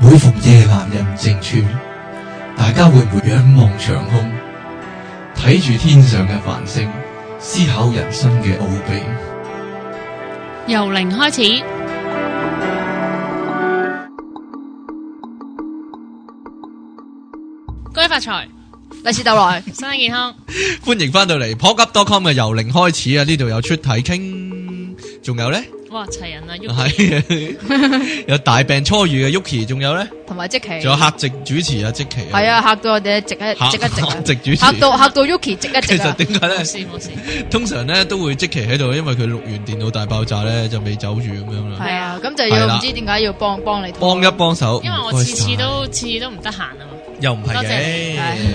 每逢夜闌人靜處，大家會唔會仰望長空，睇住天上嘅繁星，思考人生嘅奧秘？由零開始，各位發財，利是逗來，身體健康。 歡迎翻到嚟，pocket.com 嘅由零開始啊！呢度有出體傾，仲有咧。哇！齊人啊，係有大病初癒嘅 Yuki，仲有咧，同埋積奇，仲有客席主持啊，積奇，係啊吓到我哋直啊直啊直啊直主吓到吓到 Yuki 即一直啊。其實點解咧？冇事冇事，通常咧都會積奇喺度，因為佢錄完電腦大爆炸咧就未走住咁樣啦。係啊，咁就要唔知點解要幫幫你幫一幫手，因為我次次都次次都唔得閒啊。又唔係嘅，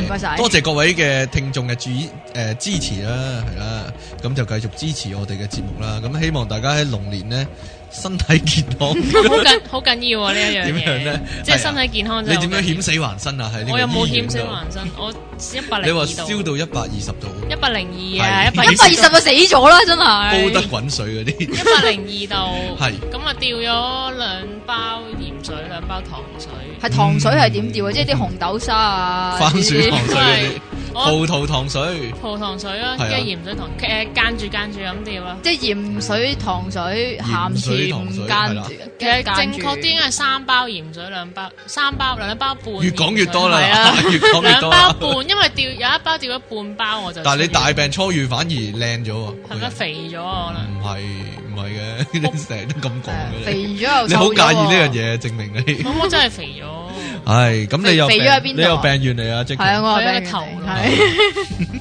多謝，欸、多謝各位嘅聽眾嘅主誒支持啦，係啦，咁就繼續支持我哋嘅節目啦，咁希望大家喺龍年呢。身體健康好緊好緊要啊！呢一樣嘢，點樣呢？即係身體健康。你點樣險死還生啊？係我又冇險死還生，我一百零你話燒到一百二十度，一百零二啊！一百二十就死咗啦，真係煲得滾水嗰啲，一百零二度，係咁啊！掉咗兩包鹽水，兩包糖水，係糖水係點掉啊？即係啲紅豆沙啊，番薯糖水。葡萄糖水，葡糖水啦，即係鹽水糖，誒間住間住咁釣啦，即係鹽水糖水鹹甜間住，其實正確啲應該係三包鹽水兩包，三包兩包半。越講越多啦，係啦，兩包半，因為掉，有一包掉咗半包我就。但係你大病初愈反而靚咗啊？係咪肥咗可能？唔係唔係嘅，你成日都咁講。肥咗？你好介意呢樣嘢，證明你。我真係肥咗。係咁，你又肥咗喺邊度？你有病原嚟啊！即係啊，我喺個頭，係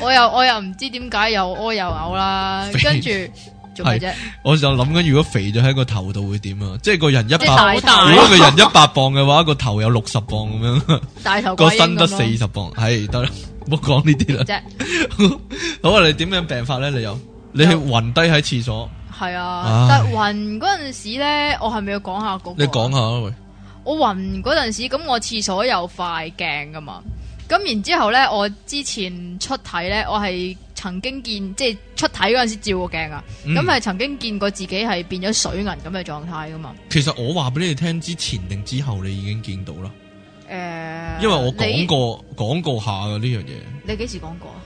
我又我又唔知點解又屙又嘔啦，跟住做咩啫？我就諗緊，如果肥咗喺個頭度會點啊？即係個人一百，如果個人一百磅嘅話，個頭有六十磅咁樣，大頭個身得四十磅，係得啦，唔好講呢啲啦。啫，好啊！你點樣病法咧？你又你係暈低喺廁所？係啊，但係暈嗰陣時咧，我係咪要講下？你講下，喂。我暈嗰陣時，咁我廁所有塊鏡噶嘛，咁然後之後咧，我之前出體咧，我係曾經見即係出體嗰陣時照過鏡啊，咁係、嗯、曾經見過自己係變咗水銀咁嘅狀態噶嘛。其實我話俾你哋聽，之前定之後你已經見到啦。誒、呃，因為我講過講你過下噶呢樣嘢。你幾時講過啊？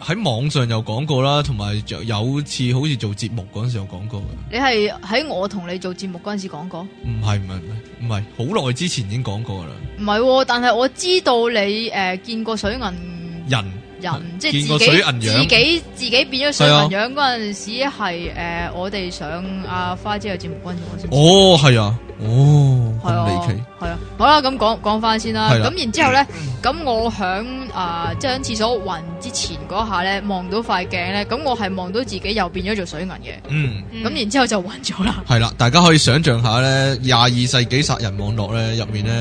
喺網上有講過啦，同埋有次好似做節目嗰陣時候有講過嘅。你係喺我同你做節目嗰陣時講過？唔係唔係唔係，好耐之前已經講過啦。唔係、哦，但係我知道你誒、呃、見過水銀人。人即係自己自己自己變咗水銀樣嗰陣時係誒、啊呃，我哋上阿花姐嘅節目關哦，係、哦、啊，哦，咁離奇係啊，好啦，咁講講翻先啦。咁的然後之後咧，咁、嗯、我響啊，即係響廁所暈之前嗰下咧，望到塊鏡咧，咁我係望到自己又變咗做水銀嘅，嗯，咁然之後就暈咗啦。係啦， 大家可以想象下咧，廿二世紀殺人網絡咧入面咧，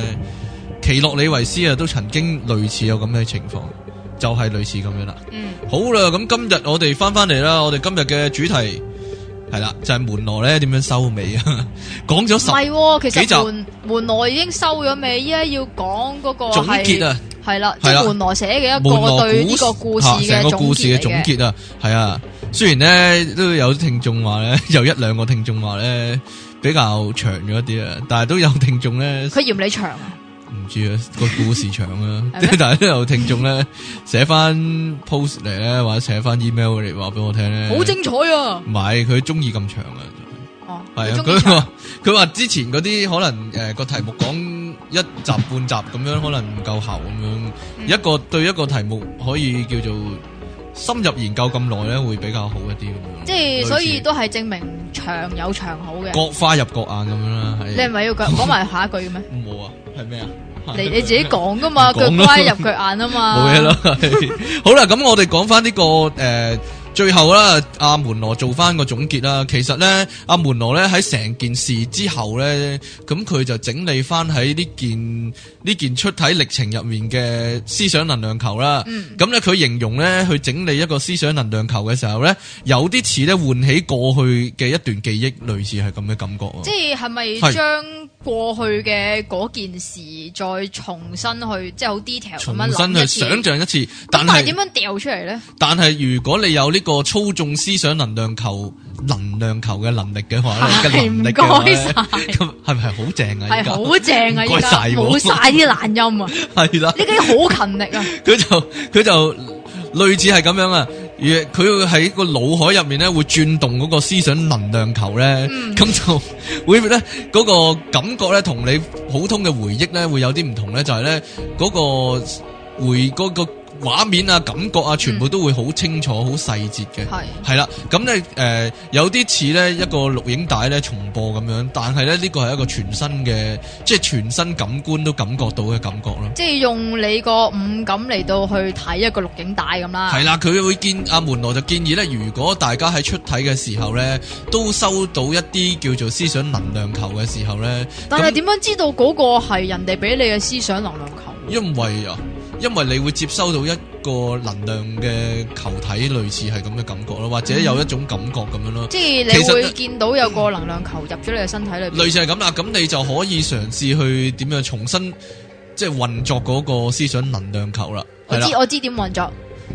奇洛里維斯啊，都曾經類似有咁嘅情況。就係類似咁樣啦。嗯，好啦，咁今日我哋翻翻嚟啦，我哋今日嘅主題係啦，就係、是、門羅咧點樣收尾啊。講 咗十，其實就門羅已經收咗尾，依家要講嗰個總結啊，係啦，即、就、係、是、門羅寫嘅一個的對呢了個故事嘅、啊、故事嘅總結啊。係啊，雖然咧都有聽眾話咧，有一兩個聽眾話咧比較長咗啲啊，但係都有聽眾咧。佢嫌你長啊？住啦個故事長啦、啊，即係大家都有聽眾咧，寫翻 post 嚟咧，或者寫翻 email 嚟話俾我聽咧，好精彩啊！唔係佢中意咁長啊，哦，係啊，佢話佢話之前嗰啲可能誒、呃、個題目講一集半集咁樣，可能唔夠喉咁樣，嗯、一個對一個題目可以叫做深入研究咁耐咧，會比較好一啲咁樣。即係是似所以都係證明長有長好嘅，各花入各眼咁樣啦。你係咪要講埋下一句嘅咩？冇 啊，係咩啊？你你自己講噶嘛，佢歪入佢眼啊嘛，冇嘢咯。好啦，咁我哋講翻呢個誒，最後啦，阿門羅做翻個總結啦。其實咧，阿門羅咧喺成件事之後咧，咁佢就整理翻喺呢件呢件出體歷程入面嘅思想能量球啦。咁咧，佢形容咧去整理一個思想能量球嘅時候咧，有啲似咧喚起過去嘅一段記憶，類似係咁嘅感覺啊。即係係咪將？過去嘅嗰件事，再重新去即係好 detail 重新去想象一次。但係是點樣掉出嚟咧？但係如果你有呢個操縱思想能量球、能量球嘅能力嘅話，係唔該晒。咁係咪係好正啊？係好正啊！唔該晒，冇晒啲懶音啊！係啦 的，呢啲好勤力啊！佢 就佢就類似係咁樣啊！佢會喺個腦海入面咧，會轉動嗰個思想能量球咧，咁、嗯、就會咧嗰、嗰個感覺咧，同你普通嘅回憶咧會有啲唔同咧，就係咧嗰個回嗰、嗰個。畫面啊，感覺啊，全部都會好清楚、好細節嘅，係啦。咁咧的，誒、呃，有啲似呢一個錄影帶咧重播咁樣，但係咧呢個係一個全新嘅，即係全新感官都感覺到嘅感覺咯。即係用你個五感嚟到去睇一個錄影帶咁啦。係啦，佢會建阿、啊、門羅就建議呢：如果大家喺出體嘅時候呢，都收到一啲叫做思想能量球嘅時候呢，但係是點那樣知道嗰個係人哋俾你嘅思想能量球？因為啊。因為你會接收到一個能量嘅球體，類似係咁嘅感覺咯，或者有一種感覺咁樣咯。即係、嗯、實你會見到有個能量球入咗你嘅身體裏面。類似係咁啦，咁你就可以嘗試去點樣重新即係運作嗰個思想能量球啦。我知了我知點運作，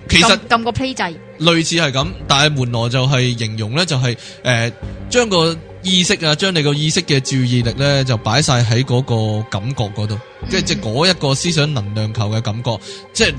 其實撳個 play 掣。類似係咁，但係門羅就係形容咧、就係，就係誒將個。意識啊，將你個意識嘅注意力咧，就擺晒喺嗰個感覺嗰度，即係即係嗰一個思想能量球嘅感覺，即係。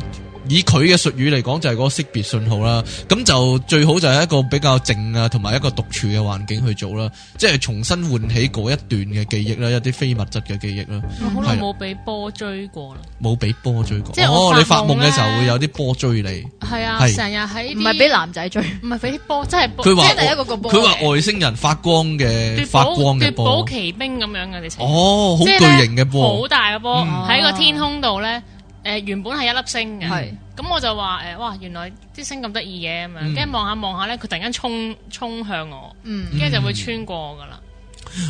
以佢嘅術語嚟講，就係嗰個識別信號啦。咁就最好就係一個比較靜啊，同埋一個獨處嘅環境去做啦。即係重新喚起嗰一段嘅記憶啦，一啲非物質嘅記憶啦。好耐冇俾波追過啦，冇俾波追過。即係你發夢嘅時候會有啲波追你。係啊，成日喺唔係俾男仔追，唔係俾波，真係，佢話第一個個波。佢話外星人發光嘅發光嘅波，寶奇兵咁樣嘅事情。哦，好巨型嘅波，好大嘅波喺個天空度咧。誒、呃，原本係一粒星嘅，咁、嗯嗯、我就話誒、呃，哇，原來啲星咁得意嘅，咁樣、嗯，跟住望下望下咧，佢突然間衝衝向我，跟住、嗯、就會穿過我噶啦。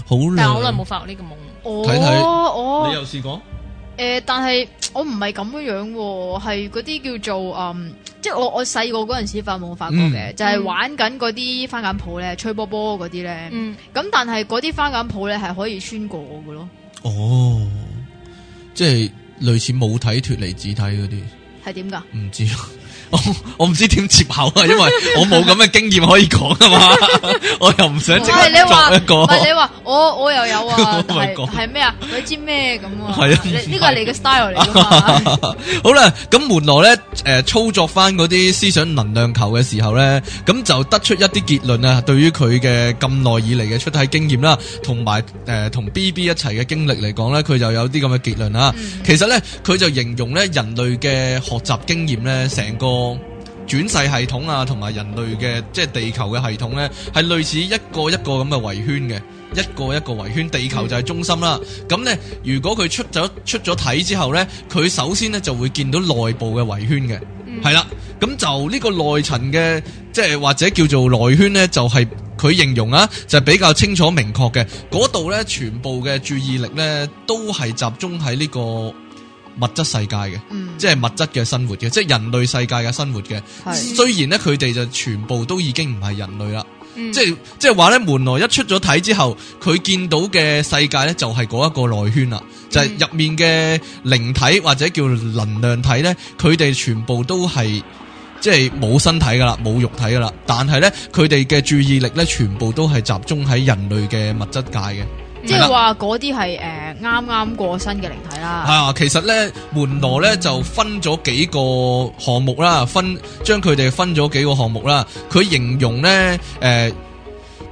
好耐冇發呢個夢。睇睇，你又試過？誒、呃，但係我唔係咁樣樣，係嗰啲叫做嗯，即係我我細個嗰陣時發夢發過嘅，嗯、就係玩緊嗰啲番梘泡咧，吹波波嗰啲咧，咁、嗯、但係嗰啲番梘泡咧係可以穿過我噶咯。哦，即係。類似母體脱離子體嗰啲，係點㗎？唔知。我唔知點接口啊，因為我冇咁嘅經驗可以講啊嘛，我又唔想即係做你話我我又有啊？係係咩啊？佢知咩咁啊？係啊，呢個係你嘅 style 嚟。好啦，咁門羅咧誒，操作翻嗰啲思想能量球嘅時候咧，咁就得出一啲結論啊。對於佢嘅咁耐以嚟嘅出體經驗啦，同埋誒同 BB 一齊嘅經歷嚟講咧，佢就有啲咁嘅結論啦。其實咧，佢就形容咧人類嘅學習經驗咧，成個。個轉世系統啊，同埋人類嘅即係地球嘅系統呢，係類似一個一個咁嘅圍圈嘅，一個一個圍圈，地球就係中心啦。咁呢，如果佢出咗出咗體之後呢，佢首先呢就會見到內部嘅圍圈嘅，係啦、嗯。咁就呢個內層嘅，即係或者叫做內圈呢，就係佢形容啊，就係、比較清楚明確嘅。嗰度呢，全部嘅注意力呢，都係集中喺呢個。物質世界嘅、嗯，即係物質嘅生活嘅，即係人類世界嘅生活嘅。是雖然咧，佢哋就全部都已經唔係人類啦、嗯。即係即係話咧，門羅一出咗體之後，佢見到嘅世界咧就係嗰一個內圈啦，就係、是、入、嗯、面嘅靈體或者叫能量體咧，佢哋全部都係即係冇身體噶啦，冇肉體噶啦，但係咧佢哋嘅注意力咧全部都係集中喺人類嘅物質界嘅。即係話嗰啲係誒啱啱過身嘅靈體啦。啊，其實咧門羅咧就分咗幾個項目啦，分將佢哋分咗幾個項目啦。佢形容咧誒，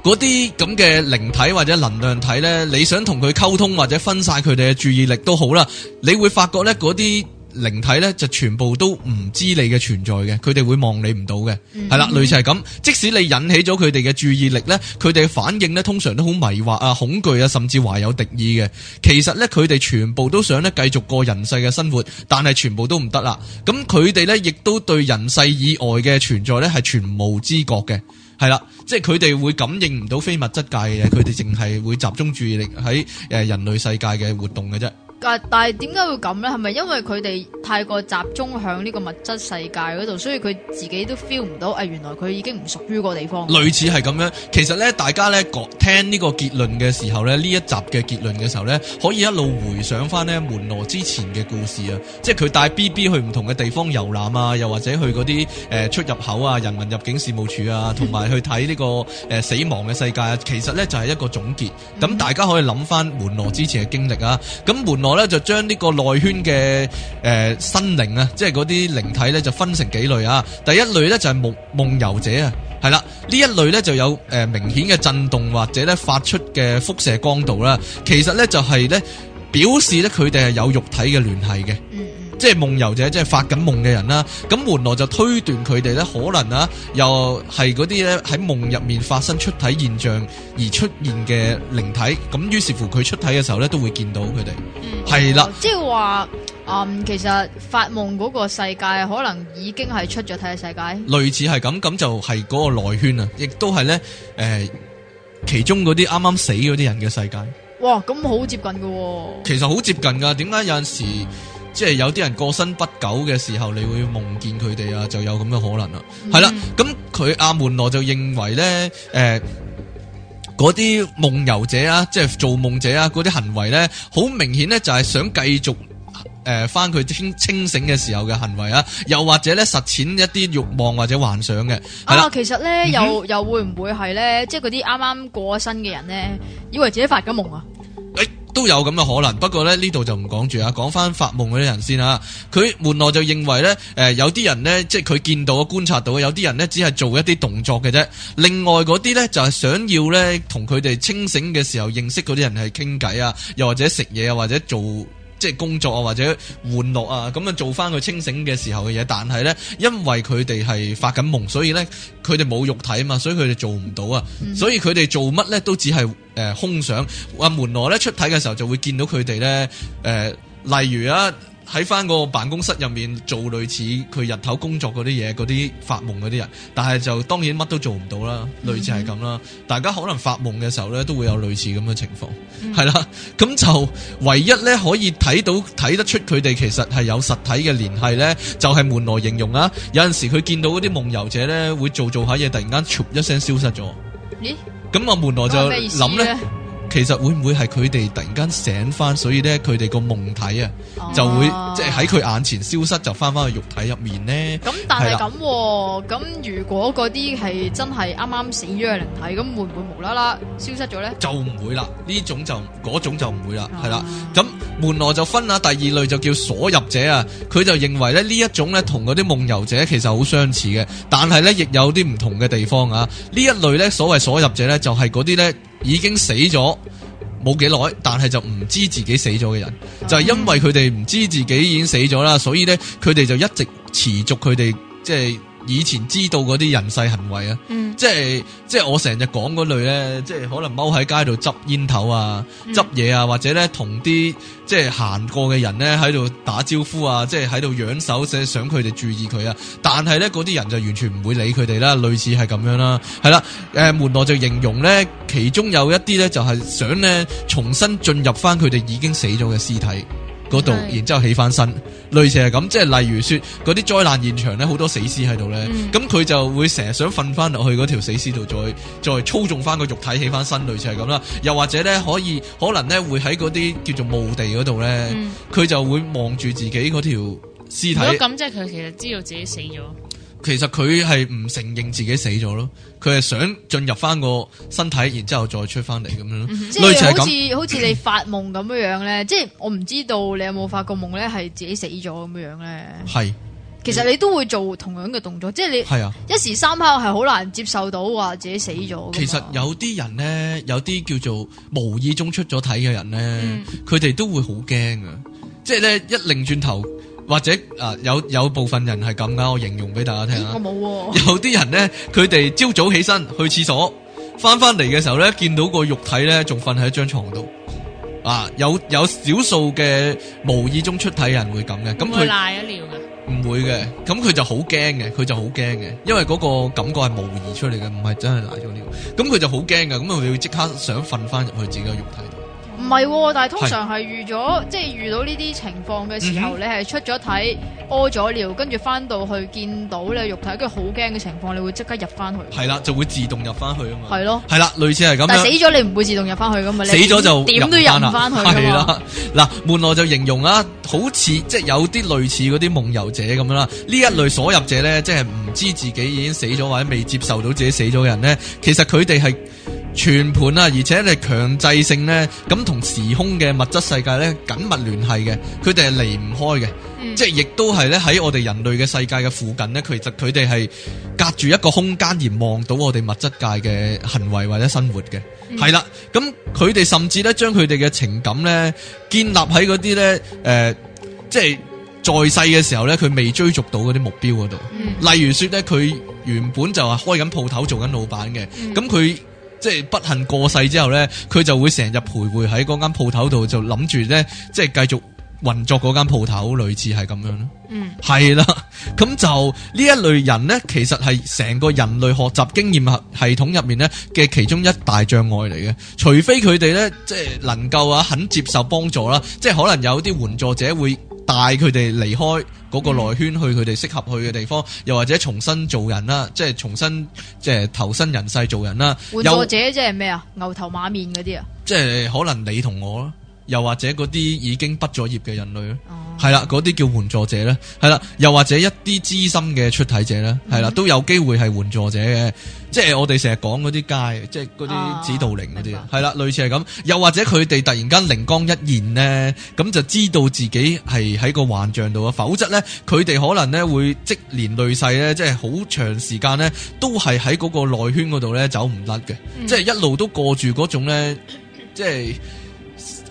嗰啲咁嘅靈體或者能量體咧，你想同佢溝通或者分晒佢哋嘅注意力都好啦。你會發覺咧嗰啲，靈體咧就全部都唔知你嘅存在嘅，佢哋會望你唔到嘅，係啦、嗯哼，類似係咁。即使你引起咗佢哋嘅注意力咧，佢哋反應咧通常都好迷惑啊、恐懼啊，甚至懷有敵意嘅。其實咧，佢哋全部都想咧繼續過人世嘅生活，但係全部都唔得啦。咁佢哋咧亦都對人世以外嘅存在咧係全無知覺嘅，係啦，即係佢哋會感應唔到非物質界嘅嘢，佢哋淨係會集中注意力喺誒人類世界嘅活動嘅啫。但係點解會咁呢？係咪因為佢哋太過集中向呢個物質世界嗰度，所以佢自己都 feel 唔到？誒，原來佢已經唔屬於個地方。類似係咁樣，其實呢，大家呢聽呢個結論嘅時候呢，呢一集嘅結論嘅時候呢，可以一路回想翻呢門羅之前嘅故事啊，即係佢帶 BB 去唔同嘅地方遊覽啊，又或者去嗰啲誒出入口啊、人民入境事務處啊，同埋去睇呢個誒死亡嘅世界啊。 其實呢，就係一個總結，咁大家可以諗翻門羅之前嘅經歷啊，咁門羅。我咧就將呢個內圈嘅誒、呃、身靈啊，即係嗰啲靈體咧，就分成幾類啊。第一類咧就係夢夢遊者啊，係啦，呢一類咧就有誒、呃、明顯嘅震動或者咧發出嘅輻射光度啦。其實咧就係、是、咧表示咧佢哋係有肉體嘅聯繫嘅。嗯即係夢遊者，即係發緊夢嘅人啦。咁門羅就推斷佢哋咧，可能啊又係嗰啲咧喺夢入面發生出體現象而出現嘅靈體。咁於是乎，佢出體嘅時候咧，都會見到佢哋。係啦、嗯，了即係話，嗯，其實發夢嗰個世界可能已經係出咗體嘅世界，類似係咁，咁就係嗰個內圈啊，亦都係咧，誒、呃，其中嗰啲啱啱死嗰啲人嘅世界。哇，咁好接近噶、哦，其實好接近噶。點解有陣時？即係有啲人過身不久嘅時候，你會夢見佢哋啊，就有咁嘅可能啦。係啦、嗯，咁佢阿門羅就認為咧，誒、呃，嗰啲夢遊者啊，即係做夢者啊，嗰啲行為咧，好明顯咧就係想繼續誒返佢清清醒嘅時候嘅行為啊，又或者咧實踐一啲欲望或者幻想嘅。啊，的其實咧、嗯哼，又又會唔會係咧，即係嗰啲啱啱過身嘅人咧，以為自己發緊夢啊？都有咁嘅可能，不過咧呢度就唔講住啊，講翻發夢嗰啲人先啦。佢門羅就認為呢誒、呃、有啲人呢，即係佢見到啊、觀察到啊，有啲人呢只係做一啲動作嘅啫。另外嗰啲呢，就係、是、想要呢同佢哋清醒嘅時候認識嗰啲人係傾偈啊，又或者食嘢啊，或者做。即係工作啊，或者玩樂啊，咁啊做翻佢清醒嘅時候嘅嘢。但係咧，因為佢哋係發緊夢，所以咧佢哋冇肉體啊嘛，所以佢哋做唔到啊。嗯、所以佢哋做乜咧都只係誒、呃、空想。阿、啊、門羅咧出體嘅時候就會見到佢哋咧誒，例如啊。喺翻個辦公室入面做類似佢日頭工作嗰啲嘢，嗰啲發夢嗰啲人，但係就當然乜都做唔到啦，類似係咁啦。嗯、哼大家可能發夢嘅時候呢，都會有類似咁嘅情況，係啦、嗯。咁就唯一呢，可以睇到睇得出佢哋其實係有實體嘅聯繫呢，就係門羅形容啦。有陣時佢見到嗰啲夢遊者呢，會做做下嘢，突然間一聲消失咗。咦？咁啊，門羅就諗呢。其實會唔會係佢哋突然間醒翻，所以呢，佢哋個夢體啊就會啊即係喺佢眼前消失，就翻翻去肉體入面呢。咁但係咁、啊，咁的如果嗰啲係真係啱啱死咗嘅靈體，咁會唔會無啦啦消失咗呢？就唔會啦，呢種就嗰種就唔會啦，係啦、啊。咁門羅就分下第二類，就叫鎖入者啊。佢就認為咧呢一種咧同嗰啲夢遊者其實好相似嘅，但係咧亦有啲唔同嘅地方啊。呢一類咧所謂鎖入者咧就係嗰啲咧。已經死咗冇幾耐，但係就唔知自己死咗嘅人，就係因為佢哋唔知自己已經死咗啦，所以咧佢哋就一直持續佢哋即係。以前知道嗰啲人世行為啊、嗯，即係即係我成日講嗰類咧，即係可能踎喺街度執煙頭啊、執嘢啊，嗯、或者咧同啲即係行過嘅人咧喺度打招呼啊，即係喺度仰手即想佢哋注意佢啊。但係咧嗰啲人就完全唔會理佢哋啦，類似係咁樣啦。係啦，誒、呃、門羅就形容咧，其中有一啲咧就係、是、想咧重新進入翻佢哋已經死咗嘅屍體。嗰度，然之後起翻身，類似係咁，即係例如說，嗰啲災難現場咧，好多死屍喺度咧，咁佢、嗯、就會成日想瞓翻落去嗰條死屍度，再再操縱翻個肉體起翻身，類似係咁啦。又或者咧，可以可能咧，會喺嗰啲叫做墓地嗰度咧，佢、嗯、就會望住自己嗰條屍體。如果咁，即係佢其實知道自己死咗。其實佢係唔承認自己死咗咯，佢係想進入翻個身體，然之後再出翻嚟咁樣咯。即係好類似好似你發夢咁樣樣咧， 即係我唔知道你有冇發過夢咧，係自己死咗咁樣樣咧。係是，其實你都會做同樣嘅動作，即係你係啊，一時三刻係好難接受到話自己死咗，嗯。其實有啲人咧，有啲叫做無意中出咗體嘅人咧，佢哋，嗯，都會好驚㗎，即係咧一擰轉頭。或者啊有有部分人係咁噶，我形容俾大家聽啊。我冇喎。有啲人咧，佢哋朝早起身去廁所，翻翻嚟嘅時候咧，見到個肉體咧，仲瞓喺張床度。啊，有有少數嘅無意中出體人會咁嘅。唔會瀨咗尿噶？唔會嘅，咁佢就好驚嘅，佢就好驚嘅，因為嗰個感覺係模擬出嚟嘅，唔係真係瀨咗尿。咁佢就好驚嘅。咁佢要即刻想瞓翻入去自己嘅肉體度。唔係、哦，但係通常係遇咗，即係遇到呢啲是情況嘅時候，嗯、哼你係出咗體屙咗尿，跟住翻到去見到你肉體，跟住好驚嘅情況，你會即刻入翻去。係啦，就會自動入翻去啊嘛。係咯了。係啦了，類似係咁。但係死咗你唔會自動入翻去噶嘛？死咗就點都入唔翻去啊？係啦。嗱，門羅就形容啊，好似即係有啲類似嗰啲夢遊者咁樣啦。呢 一類所入者咧，即係唔知自己已經死咗或者未接受到自己死咗嘅人咧，其實佢哋係。全盤啊，而且你強制性呢，咁同時空嘅物質世界呢，緊密聯繫嘅，佢哋係離唔開嘅，嗯、即係亦都係呢。喺我哋人類嘅世界嘅附近呢，其實佢哋係隔住一個空間而望到我哋物質界嘅行為或者生活嘅，係啦、嗯，咁佢哋甚至呢，將佢哋嘅情感呢，建立喺嗰啲呢，誒、呃，即係在世嘅時候呢，佢未追逐到嗰啲目標嗰度，嗯、例如說呢，佢原本就係開緊鋪頭做緊老闆嘅，咁佢、嗯。即係不幸過世之後呢，佢就會成日徘徊喺嗰間鋪頭度，就諗住呢，即係繼續運作嗰間鋪頭，類似係咁樣咯。嗯，係啦，咁就呢一類人呢，其實係成個人類學習經驗系統入面呢嘅其中一大障礙嚟嘅。除非佢哋呢，即係能夠啊，肯接受幫助啦，即係可能有啲援助者會帶佢哋離開，嗰個內圈，去佢哋適合去嘅地方，又或者重新做人啦，即係重新即係投身人世做人啦。援助者即係咩啊？牛頭馬面嗰啲啊？即係可能你同我咯，又或者嗰啲已經畢咗業嘅人類咯，係啦、嗯，嗰啲叫援助者咧，係啦，又或者一啲資深嘅出體者咧，係啦，都有機會係援助者嘅。即係我哋成日講嗰啲街，即係嗰啲指導靈嗰啲，係啦白，類似係咁。又或者佢哋突然間靈光一現呢，咁就知道自己係喺個幻象度啊。否則呢，佢哋可能呢會即連累世咧，即係好長時間呢都係喺嗰個內圈嗰度呢走唔甩嘅，即係、嗯、一路都過住嗰種呢，即係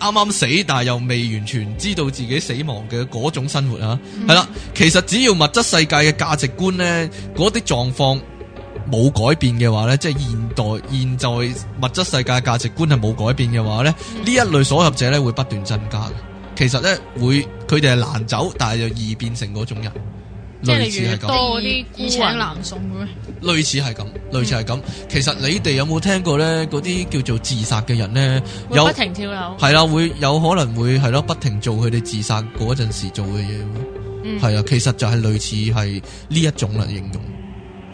啱啱死但係又未完全知道自己死亡嘅嗰種生活啊。係啦、嗯，其實只要物質世界嘅價值觀呢，嗰啲狀況。冇改變嘅話呢，即係現代，現在物質世界價值觀係冇改變嘅話咧，呢、嗯、一類所有者咧會不斷增加嘅。其實呢，會，佢哋係難走，但係又易變成嗰種人，越越人類似係多啲衣錦難送嘅咩？類似係咁，類似係咁。其實你哋有冇聽過呢嗰啲叫做自殺嘅人呢？有不停跳樓，係啦，會有可能會係咯，不停做佢哋自殺嗰陣時做嘅嘢，係啊、嗯，其實就係類似係呢一種嚟形容。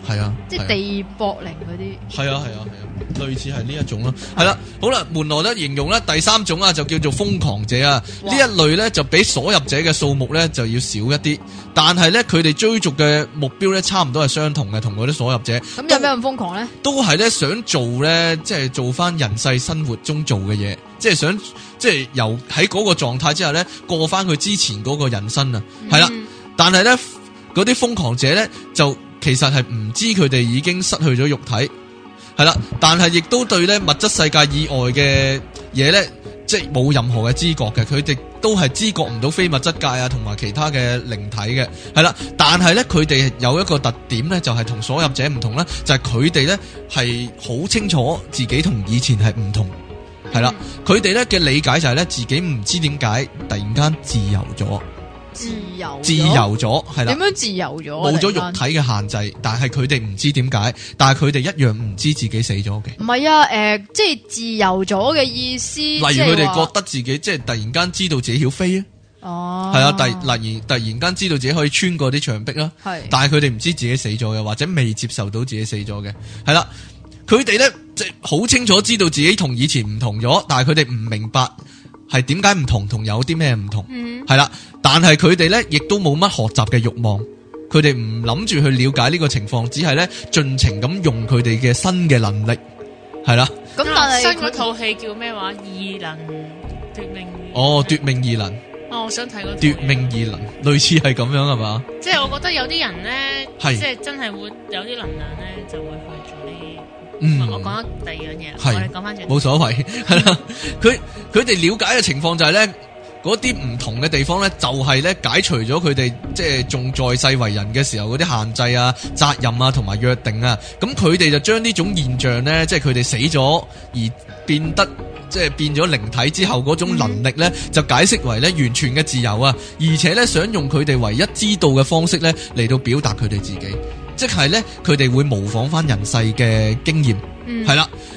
係啊，即係地薄靈嗰啲，係啊係啊係啊，啊，類似係呢一種咯。係啦， 好啦，門羅咧形容咧第三種啊，就叫做瘋狂者啊。呢哇一類咧就比鎖入者嘅數目咧就要少一啲，但係咧佢哋追逐嘅目標咧差唔多係相同嘅，同嗰啲鎖入者。咁有咩咁瘋狂咧？都係咧想做咧，即係做翻人世生活中做嘅嘢，即係想，即係由喺嗰個狀態之下咧過翻佢之前嗰個人生啊。係啦、嗯，但係咧嗰啲瘋狂者咧就。其實係唔知佢哋已經失去咗肉體，係啦，但係亦都對咧物質世界以外嘅嘢咧，即係冇任何嘅知覺嘅，佢哋都係知覺唔到非物質界啊，同埋其他嘅靈體嘅，係啦，但係咧佢哋有一個特點咧，就係、是、同所有者唔同啦，就係佢哋咧係好清楚自己同以前係唔同，係啦，佢哋咧嘅理解就係咧自己唔知點解突然間自由咗。自由，自由咗係啦。點樣自由咗？冇咗肉體嘅限制，但係佢哋唔知點解，但係佢哋一樣唔知自己死咗嘅。唔係啊，誒、呃，即係自由咗嘅意思。例如佢哋覺得自己即係突然間知道自己曉飛啊。哦，係啊，突然、突然間知道自己可以穿過啲牆壁啦。是但係佢哋唔知自己死咗嘅，或者未接受到自己死咗嘅。係啦，佢哋咧即係好清楚知道自己同以前唔同咗，但係佢哋唔明白。係點解唔同？同有啲咩唔同？係啦，嗯，但係佢哋咧，亦都冇乜學習嘅欲望，佢哋唔諗住去了解呢個情況，只係咧盡情咁用佢哋嘅新嘅能力，係啦。咁、嗯、但是新套戲叫咩話？異能奪命二哦，奪命異能。哦，我想睇個奪命異能，類似係咁樣係嘛？即係我覺得有啲人咧，係是即係真係會有啲能量咧，就會去做啲。嗯，我講第二樣嘢，是我哋講翻轉，冇所謂，係啦， 佢佢哋了解嘅情況就係、是、咧。嗰啲唔同嘅地方呢，就係咧解除咗佢哋即係仲在世為人嘅時候嗰啲限制啊、責任啊同埋約定啊，咁佢哋就將呢種現象呢，即係佢哋死咗而變得即係、就是、變咗靈體之後嗰種能力呢，就解釋為咧完全嘅自由啊，而且呢，想用佢哋唯一知道嘅方式呢，嚟到表達佢哋自己，即係呢，佢哋會模仿翻人世嘅經驗，係啦、嗯。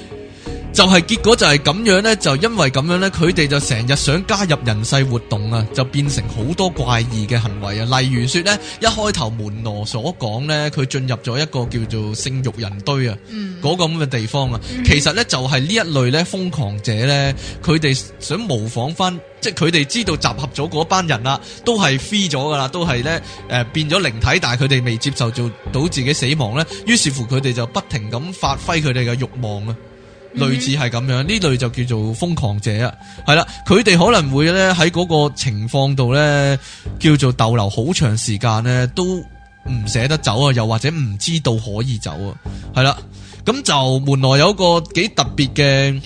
就係結果就係咁樣呢。就因為咁樣呢，佢哋就成日想加入人世活動啊，就變成好多怪異嘅行為啊。例如說呢，一開頭門羅所講呢，佢進入咗一個叫做性欲人堆啊，嗰個咁嘅地方啊，嗯、其實呢，就係、是、呢一類呢瘋狂者呢，佢哋想模仿返，即係佢哋知道集合咗嗰班人啦、啊，都係飛咗噶啦，都係呢誒、呃、變咗靈體，但係佢哋未接受到到自己死亡呢。於是乎佢哋就不停咁發揮佢哋嘅欲望啊。類似係咁樣，呢類就叫做瘋狂者啊，係啦，佢哋可能會咧喺嗰個情況度咧，叫做逗留好長時間咧，都唔捨得走啊，又或者唔知道可以走啊，係啦，咁就門羅有個幾特別嘅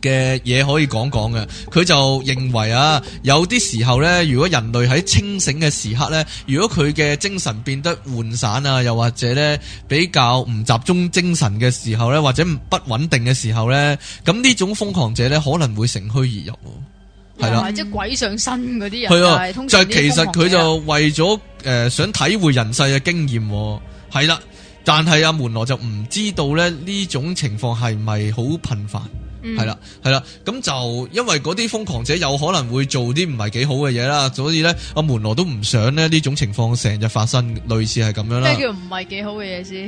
嘅嘢可以講講嘅，佢就認為啊，有啲時候呢，如果人類喺清醒嘅時刻呢，如果佢嘅精神變得渙散啊，又或者呢比較唔集中精神嘅時，時候呢，或者不穩定嘅時候呢，咁呢種瘋狂者呢可能會乘虛而入，係啦、哦，或者了鬼上身嗰啲人係啊，就了其實佢就為咗誒、呃、想體會人世嘅經驗，係啦，但係阿、啊、門羅就唔知道呢，呢種情況係咪好頻繁。係啦，係啦、嗯，咁就因為嗰啲瘋狂者有可能會做啲唔係幾好嘅嘢啦，所以咧阿，門羅都唔想咧呢種情況成日發生，類似係咁樣啦。即叫唔係幾好嘅嘢先，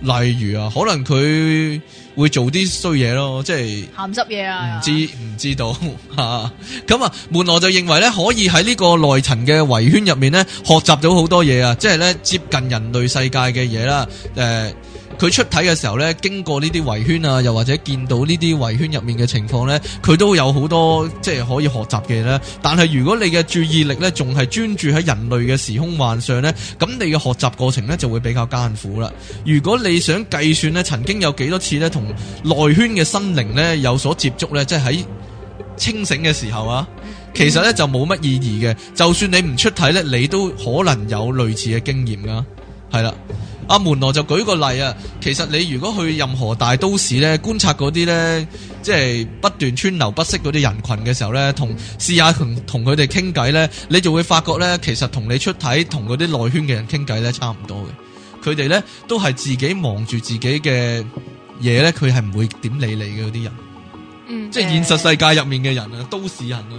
例如啊，可能佢會做啲衰嘢咯，即係鹹濕嘢啊，唔知唔知道吓。咁啊、 嗯，門羅就認為咧，可以喺呢個內層嘅圍圈入面咧，學習到好多嘢啊，即係咧接近人類世界嘅嘢啦，誒、 呃。佢出體嘅時候咧，經過呢啲圍圈啊，又或者見到呢啲圍圈入面嘅情況咧，佢都有好多即係可以學習嘅咧。但係如果你嘅注意力咧，仲係專注喺人類嘅時空幻上咧，咁你嘅學習過程咧就會比較艱苦啦。如果你想計算咧，曾經有幾多次咧，同內圈嘅生靈咧有所接觸咧，即係喺清醒嘅時候啊，其實呢就冇乜意義嘅。就算你唔出體咧，你都可能有類似嘅經驗㗎，係啦。阿、啊、門羅就舉個例啊，其實你如果去任何大都市咧，觀察嗰啲咧，即係不斷川流不息嗰啲人群嘅時候咧，同試下同同佢哋傾偈咧，你就會發覺咧，其實同你出體同嗰啲內圈嘅人傾偈咧，差唔多嘅，佢哋咧都係自己忙住自己嘅嘢咧，佢係唔會點理你嘅嗰啲人，嗯、mm，hmm. 即係現實世界入面嘅人啊，都市人啊，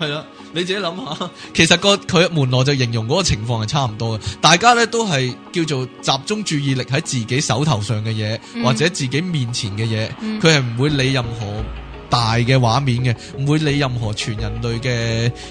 係啦、啊。你自己諗下，其實個佢門羅就形容嗰個情況係差唔多嘅，大家咧都係叫做集中注意力喺自己手頭上嘅嘢，嗯、或者自己面前嘅嘢，佢係唔會理任何。大嘅畫面嘅，唔會理任何全人類嘅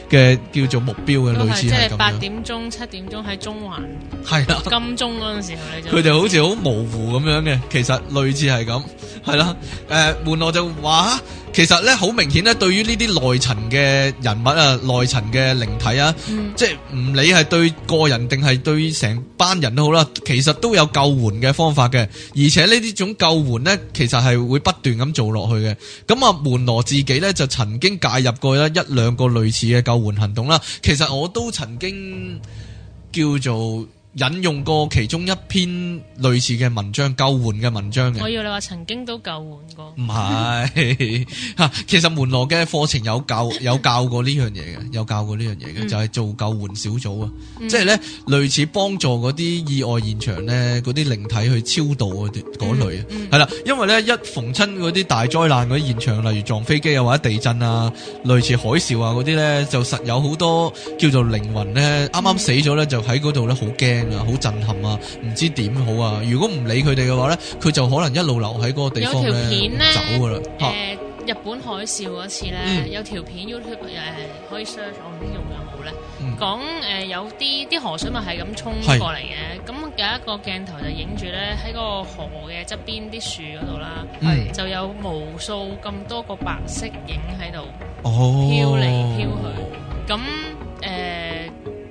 嘅叫做目標嘅類似係咁。都係即係八點鐘、七點鐘喺中環，係啦，金鐘嗰陣時候咧。佢哋好似好模糊咁樣嘅，其實類似係咁，係啦。誒，換門羅我就話，其實咧好明顯咧，對於呢啲內層嘅人物啊，內層嘅靈體啊，即係唔理係對個人定係對成班人都好啦，其實都有救援嘅方法嘅，而且呢啲種救援咧，其實係會不斷咁做落去嘅。咁啊，換。門羅自己咧就曾經介入過一一兩個類似嘅救援行動啦，其實我都曾經叫做。引用過其中一篇類似嘅文章，救援嘅文章嘅，我要你話曾經都救援過，唔係吓，其實門羅嘅課程有教，有教過呢樣嘢嘅，有教過呢樣嘢嘅，嗯、就係做救援小組啊，嗯、即係咧類似幫助啲意外現場咧啲靈體去超度嗰啲嗰類啊。係、嗯、啦，因為咧一逢親啲大災難啲現場，例如撞飛機啊，或者地震啊，類似海嘯啊啲咧，就實有好多叫做靈魂咧啱啱死咗咧就喺度咧好驚。好震撼啊！唔知點好啊！如果唔理佢哋嘅話咧，佢就可能一路留喺嗰個地方，有條片咧走噶啦。誒、呃，日本海嘯嗰次咧，有條片 YouTube 誒可以 search，我唔知用有冇咧。講誒有啲啲河水咪係咁沖過嚟嘅，咁是有一個鏡頭就影住咧喺嗰個河嘅側邊啲樹嗰度啦，是就有無數咁多個白色影喺度哦，飄嚟飄去，咁誒。呃呃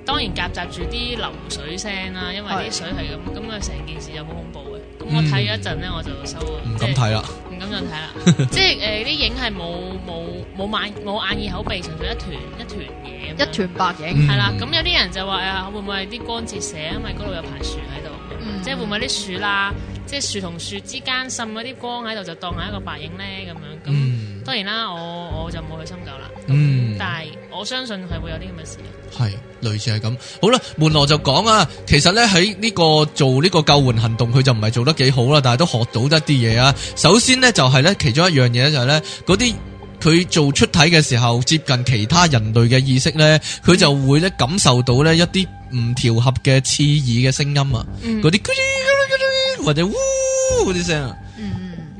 當然夾雜住啲流水聲啦，因為啲水係咁，咁啊成件事就好恐怖嘅。咁我睇咗一陣咧，我就收啦，唔敢睇啦，唔敢再睇啦。即係誒，啲影係冇冇冇眼冇眼耳口鼻，純粹一團一團嘢，一團白影係啦。咁有啲人就話誒，會唔會係啲光折射，因為嗰度有排樹喺度，即係會唔會啲樹啦，即係樹同樹之間滲嗰啲光喺度，就當係一個白影咧咁樣。咁當然啦，我我就冇去深究啦。但係，我相信係會有啲咁嘅事。係，類似係咁。好啦，門羅就講啊，其實咧喺呢、這個做呢個救援行動，佢就唔係做得幾好啦，但係都學到一啲嘢啊。首先呢，就係、是、咧，其中一樣嘢就係咧，嗰啲佢做出體嘅時候接近其他人類嘅意識咧，佢就會咧感受到咧一啲唔調合嘅刺耳嘅聲音啊，嗰啲、嗯、或者嗚嗰啲聲啊。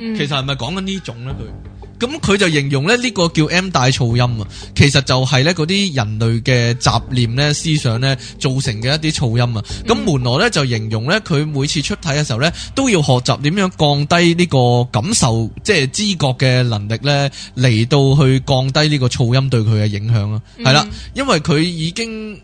嗯、其實係咪講緊呢種咧佢？咁佢就形容咧呢、呢個叫 M 大噪音啊，其實就係咧嗰啲人類嘅雜念咧思想咧造成嘅一啲噪音啊。咁、嗯、門羅咧就形容咧佢每次出體嘅時候咧都要學習點樣降低呢個感受，即係知覺嘅能力咧嚟到去降低呢個噪音對佢嘅影響啊。係啦、嗯，因為佢已經。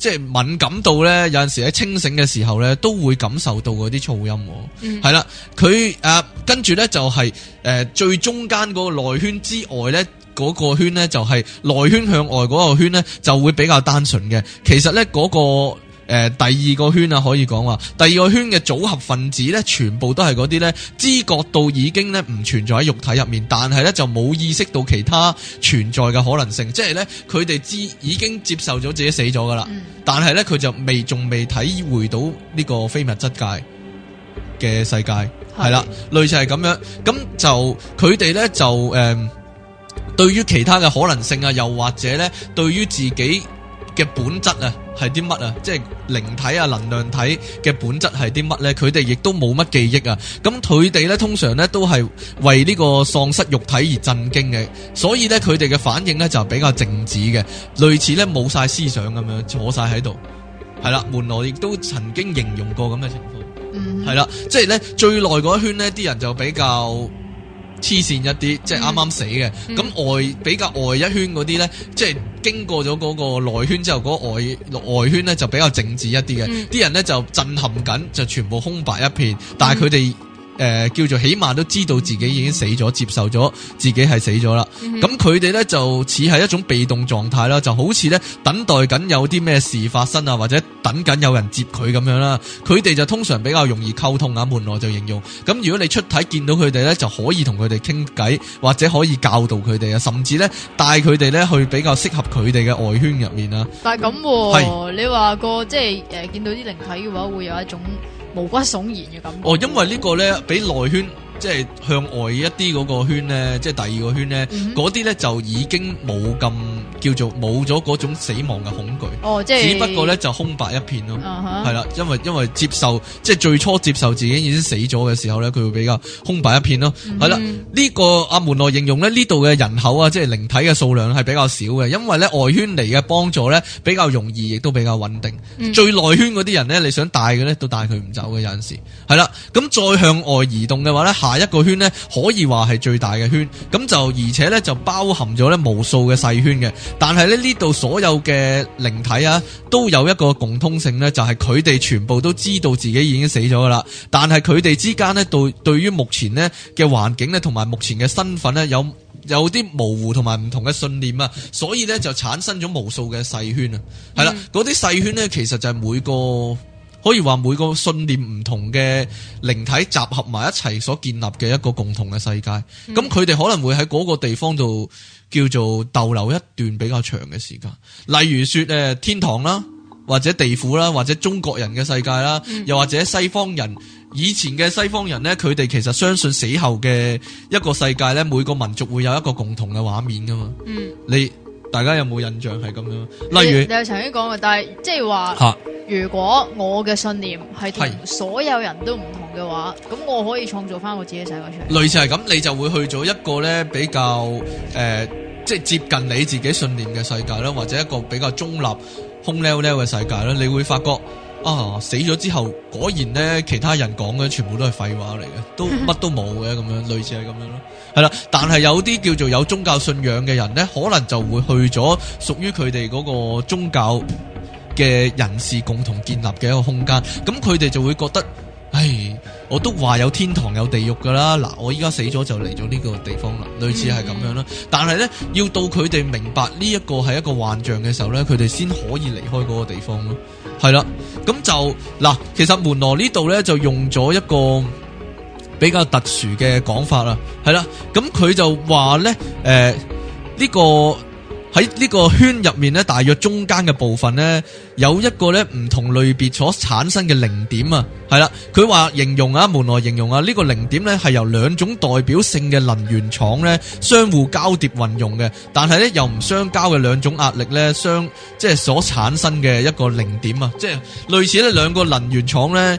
即係敏感到呢，有陣時喺清醒嘅時候呢，都會感受到嗰啲噪音。係啦、嗯，佢誒跟住呢，就係、是、誒、呃、最中間嗰個內圈之外呢，嗰、那個圈呢，就係、是、內圈向外嗰個圈呢，就會比較單純嘅。其實呢，嗰、那個。誒、呃，第二個圈啊，可以講話，第二個圈嘅組合分子咧，全部都係嗰啲咧，知覺到已經咧唔存在喺肉體入面，但係咧就冇意識到其他存在嘅可能性，即係咧佢哋知已經接受咗自己死咗噶啦，嗯、但係咧佢就未仲未體會到呢個非物質界嘅世界，係啦、嗯，類似係咁樣，咁就佢哋咧就誒、呃，對於其他嘅可能性啊，又或者咧，對於自己。嘅本質啊，係啲乜啊？即係靈體啊，能量體嘅本質係啲乜呢？佢哋亦都冇乜記憶啊。咁佢哋呢，通常呢都係為呢個喪失肉體而震驚嘅，所以呢，佢哋嘅反應呢就比較靜止嘅，類似呢冇晒思想咁樣坐晒喺度。係啦，門羅亦都曾經形容過咁嘅情況。係啦、嗯，即係呢最內嗰圈呢啲人就比較黐線一啲，即係啱啱死嘅。咁、嗯嗯、外比較外一圈嗰啲呢，即係經過咗嗰個內圈之後，嗰、嗰個、外內圈呢就比較靜止一啲嘅。啲、嗯、人呢就震撼緊，就全部空白一片，但係佢哋。嗯誒、呃、叫做起碼都知道自己已經死咗，接受咗自己係死咗啦。咁佢哋呢，就似係一種被動狀態啦，就好似呢等待緊有啲咩事發生啊，或者等緊有人接佢咁樣啦。佢哋就通常比較容易溝通啊，門羅就形容。咁如果你出體見到佢哋呢，就可以同佢哋傾偈，或者可以教導佢哋啊，甚至呢帶佢哋呢去比較適合佢哋嘅外圈入面啊。但係咁喎，你話過即係誒、呃、見到啲靈體嘅話，會有一種。毛骨悚然嘅感覺。哦，因為個呢個咧，比內圈即係、就是、向外一啲個圈咧，即、就、係、是、第二個圈咧，啲咧、嗯、就已經冇咁。叫做冇咗嗰種死亡嘅恐懼，哦、即只不過呢就空白一片咯，係啦、uh huh.，因為因為接受即係最初接受自己已經死咗嘅時候呢，佢會比較空白一片咯，係啦、mm，呢、hmm. 呢個阿門內形容呢，呢度嘅人口啊，即係靈體嘅數量係比較少嘅，因為呢外圈嚟嘅幫助呢比較容易，亦都比較穩定。Mm hmm. 最內圈嗰啲人呢，你想帶嘅呢，都帶佢唔走嘅有陣時，係啦，咁再向外移動嘅話呢，下一個圈呢可以話係最大嘅圈，咁就而且呢就包含咗呢無數嘅細圈嘅。但係咧，呢度所有嘅靈體啊，都有一個共通性呢，就係佢哋全部都知道自己已經死咗噶啦。但係佢哋之間咧，對對於目前咧嘅環境咧，同埋目前嘅身份咧，有有啲模糊同埋唔同嘅信念啊，所以呢就產生咗無數嘅細圈。啊，係啦、嗯，嗰啲細圈呢，其實就係每個可以話每個信念唔同嘅靈體集合埋一齊所建立嘅一個共同嘅世界。咁佢哋可能會喺嗰個地方度，叫做逗留一段比較長嘅時間，例如説誒、呃、天堂啦，或者地府啦，或者中國人嘅世界啦，嗯、又或者西方人以前嘅西方人呢，佢哋其實相信死後嘅一個世界呢，每個民族會有一個共同嘅畫面噶嘛，嗯、你。大家有冇印象係咁樣？例如你又曾經講過，但係即係話，哈如果我嘅信念係同所有人都唔同嘅話，咁是我可以創造翻我自己嘅世界出嚟。類似係咁，你就會去咗一個咧比較誒、呃，即係接近你自己信念嘅世界咧，或者一個比較中立、空溜溜嘅世界咧，你會發覺。啊！死咗之後，果然呢，其他人講嘅全部都係廢話嚟嘅，都乜 都冇嘅咁樣，類似係咁樣咯，係啦。但係有啲叫做有宗教信仰嘅人呢，可能就會去咗屬於佢哋嗰個宗教嘅人士共同建立嘅一個空間，咁佢哋就會覺得，唉。我都話有天堂有地獄㗎啦，嗱我依家死咗就嚟咗呢個地方啦，類似係咁樣啦。嗯、但係呢，要到佢哋明白呢一個係一個幻象嘅時候呢，佢哋先可以離開嗰個地方咯。係啦，咁就嗱，其實門羅呢度呢，就用咗一個比較特殊嘅講法啦。係啦，咁佢就話呢，誒、呃、呢、呢個。喺呢個圈入面咧，大約中間嘅部分呢，有一個咧，唔同類別所產生嘅零點啊，係啦，佢話形容啊，門羅形容啊，呢、這個零點呢係由兩種代表性嘅能源廠呢相互交疊運用嘅，但係呢又唔相交嘅兩種壓力呢相即係所產生嘅一個零點啊，即係類似呢兩個能源廠呢。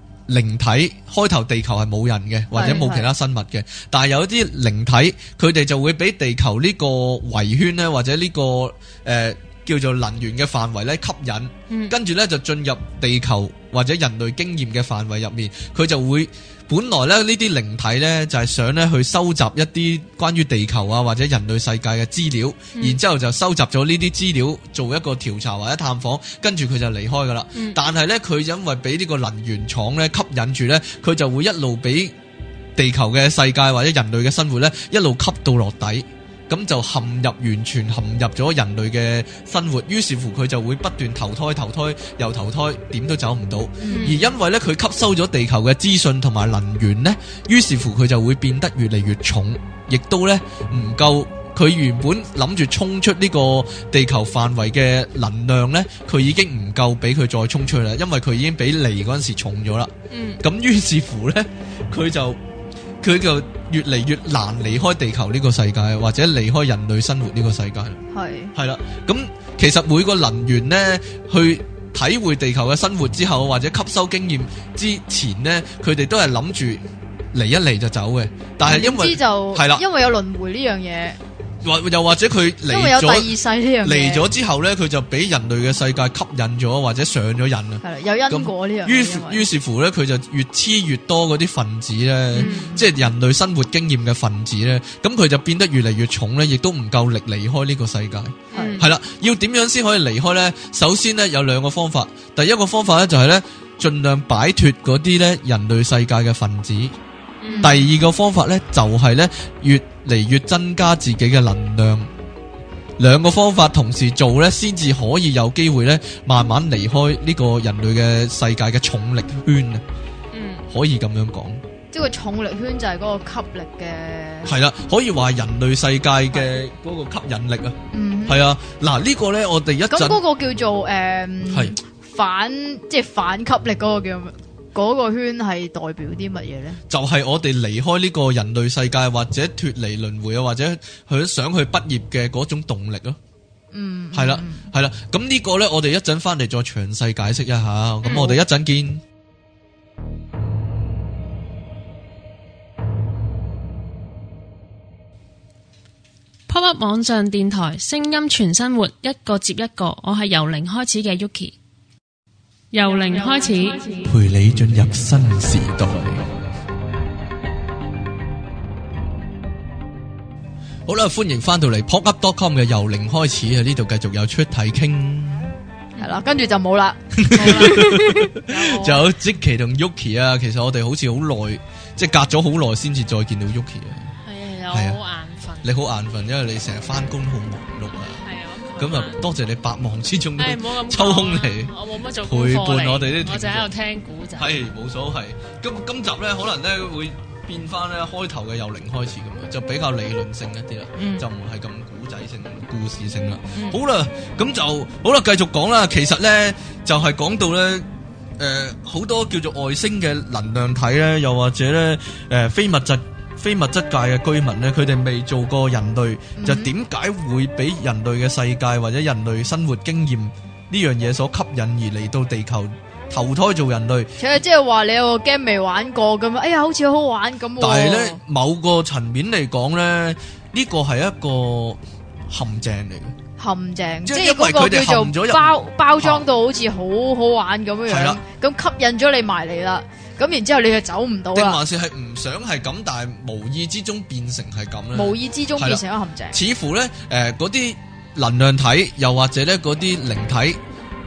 靈體開頭地球係冇人嘅，或者冇其他生物嘅，是是但係有啲靈體佢哋就會俾地球呢個圍圈呢，或者呢、呢個誒、呃、叫做能源嘅範圍咧吸引，跟住咧就進入地球或者人類經驗嘅範圍入面，佢就會。本來咧呢啲靈體呢，就係想呢去收集一啲關於地球啊或者人類世界嘅資料，嗯、然之後就收集咗呢啲資料，做一個調查或者探訪，跟住佢就離開噶啦。嗯、但係呢，佢因為俾呢個能源廠咧吸引住呢，佢就會一路俾地球嘅世界或者人類嘅生活呢，一路吸到落底。咁就陷入完全陷入咗人類嘅生活，於是乎佢就會不斷投胎投胎又投胎，點都走唔到。嗯、而因為咧佢吸收咗地球嘅資訊同埋能源咧，於是乎佢就會變得越嚟越重，亦都呢，唔夠佢原本諗住衝出呢個地球範圍嘅能量呢，佢已經唔夠俾佢再衝出去啦。因為佢已經比離嗰陣時重咗啦。咁於、嗯、是乎呢，佢就。佢就越嚟越難離開地球呢個世界，或者離開人類生活呢個世界。係係啦，咁其實每個能源呢，去體會地球嘅生活之後，或者吸收經驗之前呢，佢哋都係諗住嚟，一嚟就走嘅。但係因為係啦，的因為有輪迴呢樣嘢。或又或者佢嚟咗，因為有第二世呢樣，嚟咗之後咧，佢就俾人類嘅世界吸引咗，或者上咗癮啦。係，有因果呢樣那。於是於是乎咧，佢就越黐越多嗰啲分子咧，嗯、即係人類生活經驗嘅分子咧。咁佢就變得越嚟越重咧，亦都唔夠力離開呢個世界。係係啦，要點樣先可以離開咧？首先咧，有兩個方法。第一個方法咧就係咧，盡量擺脫嗰啲咧人類世界嘅分子。嗯、第二個方法咧就係、是、咧越嚟越增加自己嘅能量，兩個方法同時做咧，先至可以有機會咧，慢慢離開呢個人類嘅世界嘅重力圈啊！嗯，可以咁樣講，即係個重力圈就係嗰個吸力嘅，係啦、啊，可以話人類世界嘅嗰個吸引力啊，係、嗯、哼啊，嗱、這個、呢個咧我哋一那那個叫做誒，呃、是反即係反吸力個叫乜？嗰個圈係代表啲乜嘢呢？就係我哋離開呢個人類世界，或者脫離輪迴啊，或者響想去畢業嘅嗰種動力咯。嗯，係啦了，係啦、嗯。咁呢個呢，我哋一陣翻嚟再詳細解釋一下。咁我哋一陣見。嗯、 PopUp 網上電台，聲音全生活，一個接一個。我係由零開始嘅 Yuki。由零開始，陪你進入新時代。好啦，歡迎翻到嚟 popup.com 嘅由零開始喺呢度繼續有出體傾，係啦，跟住就冇啦。仲有 Jackie 同 Yuki 啊，其實我哋好似好耐，即係隔咗好耐先至再見到 Yuki 啊。係、哎、呀啊，我好眼瞓。你好眼瞓，因為你成日翻工好忙碌啊。咁啊，多謝你百忙之中抽空嚟陪伴我哋呢啲聽眾。我就喺度聽古仔，係冇所謂。今今集咧，可能咧會變翻咧開頭嘅由零開始咁啊，就比較理論性一啲啦，就唔係咁古仔性、故事性啦。好啦，咁就好啦，繼續講啦。其實咧，就係、是、講到咧，誒、呃，好多叫做外星嘅能量體咧，又或者咧，誒、呃，非物質。非物質界嘅居民咧，佢哋未做過人類，就點解會俾人類嘅世界或者人類生活經驗呢樣嘢所吸引而嚟，到地球投胎做人類？其實即係話你有個 game 未玩過咁啊，哎呀，好似好玩咁。但係咧，某個層面嚟講咧，呢個係一個陷阱嚟嘅陷阱，即係因為佢哋做咗包包裝到好似好好玩咁樣，係啦，咁吸引咗你埋嚟啦。咁然之後你係走唔到定還是係唔想係咁，但係無意之中變成係咁咧？無意之中變成一陷阱。似乎咧，誒嗰啲能量體，又或者咧嗰啲靈體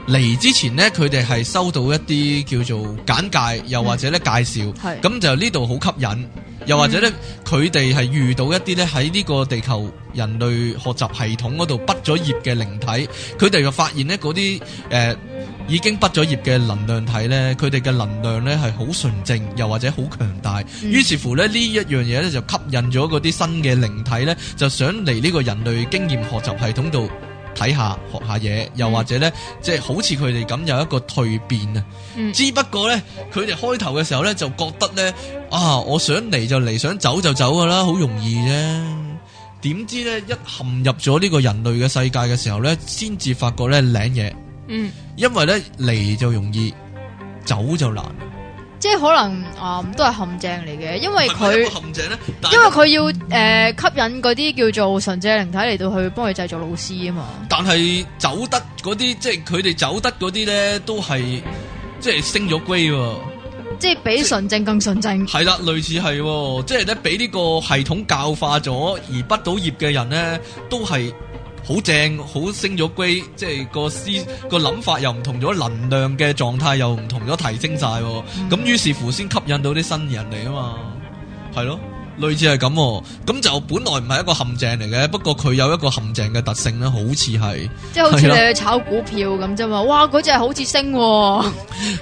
嚟之前咧，佢哋係收到一啲叫做簡介，又或者咧介紹，係咁、嗯、就呢度好吸引，又或者咧佢哋係遇到一啲咧喺呢個地球人類學習系統嗰度畢咗業嘅靈體，佢哋又發現咧嗰啲誒。已經畢咗業嘅能量體呢，佢哋嘅能量呢係好純淨，又或者好強大。嗯、於是乎咧，呢一樣嘢呢，就吸引咗嗰啲新嘅靈體呢，就想嚟呢個人類經驗學習系統度睇下學下嘢，又或者呢，即係、嗯、好似佢哋咁有一個蛻變啊。嗯、只不過呢，佢哋開頭嘅時候呢，就覺得呢：「啊，我想嚟就嚟，想走就走㗎啦，好容易啫。」點、嗯、知呢，一陷入咗呢個人類嘅世界嘅時候呢，先至發覺呢，領嘢。嗯因為咧，嚟就容易，走就難啊。即係可能啊、呃，都係陷阱嚟嘅。因為佢陷阱咧，因為佢要誒、呃、吸引嗰啲叫做純正靈體嚟到去幫佢製造老師啊嘛。但係走得嗰啲，即係佢哋走得嗰啲咧，都係即係升咗階喎。即係、啊、比純正更純正。係啦， 類似係、哦，即係咧，俾呢個系統教化咗而不到業嘅人咧，都係。好正，好升咗龜，即係個思個諗法又唔同咗，能量嘅狀態又唔同咗，提升晒，咁於是乎先吸引到啲新人嚟啊嘛，係咯，類似係咁，咁就本來唔係一個陷阱嚟嘅，不過佢有一個陷阱嘅特性咧，好似係，即係好似你去炒股票咁啫嘛，哇，嗰隻好似升，咁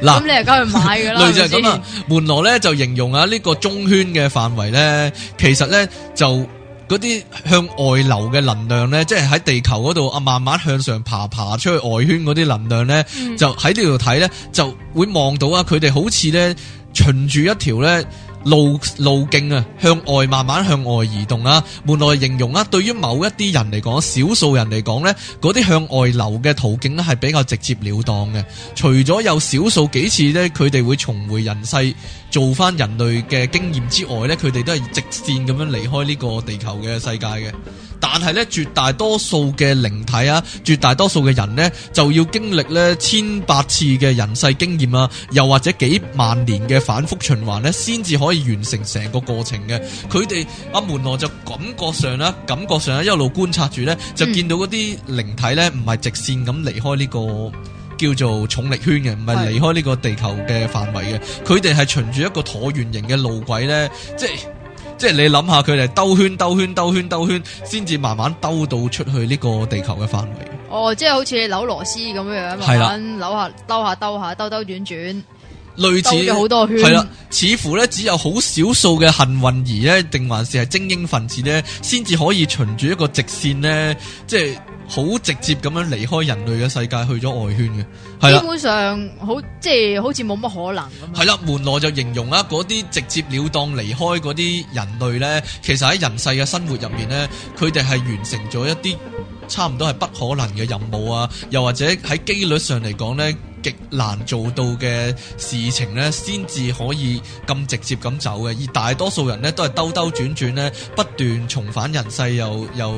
你係梗係買噶啦，類似係咁啊，門羅咧就形容啊呢個中圈嘅範圍咧，其實咧就。嗰啲向外流嘅能量呢，即係喺地球嗰度啊，慢慢向上爬爬出去外圈嗰啲能量呢，嗯、就喺呢度睇呢，就會望到啊，佢哋好似呢循住一條呢路路徑啊，向外慢慢向外移動啊。門羅形容啦、啊，對於某一啲人嚟講，少數人嚟講呢，嗰啲向外流嘅途徑呢，係比較直接了當嘅。除咗有少數幾次呢，佢哋會重回人世。做翻人類嘅經驗之外咧，佢哋都係直線咁樣離開呢個地球嘅世界嘅。但係呢，絕大多數嘅靈體啊，絕大多數嘅人呢，就要經歷呢千百次嘅人世經驗啊，又或者幾萬年嘅反覆循環呢，先至可以完成成個過程嘅。佢哋阿門羅就感覺上呢，感覺上一路觀察住呢，就見到嗰啲靈體呢，唔係直線咁離開呢個叫做重力圈嘅，唔係離開呢個地球嘅範圍嘅。佢哋係循住一個橢圓形嘅路軌呢，即係即係你諗下，佢哋兜圈兜圈兜圈兜圈，先至慢慢兜到出去呢個地球嘅範圍。哦，即係好似扭螺絲咁樣樣，慢慢扭下兜下兜下兜兜轉轉，兜咗好多圈。係啦，似乎呢，只有好少數嘅幸運兒呢，定還是係精英分子呢，先至可以循住一個直線呢？即係。好直接咁樣離開人類嘅世界去咗外圈嘅，基本上好即係、就是、好似冇乜可能咁。係啦，門羅就形容啦，嗰啲直接了當離開嗰啲人類呢，其實喺人世嘅生活入面呢，佢哋係完成咗一啲差唔多係不可能嘅任務啊，又或者喺機率上嚟講呢，極難做到嘅事情呢，先至可以咁直接咁走嘅。而大多數人呢，都係兜兜轉轉呢，不斷重返人世，又又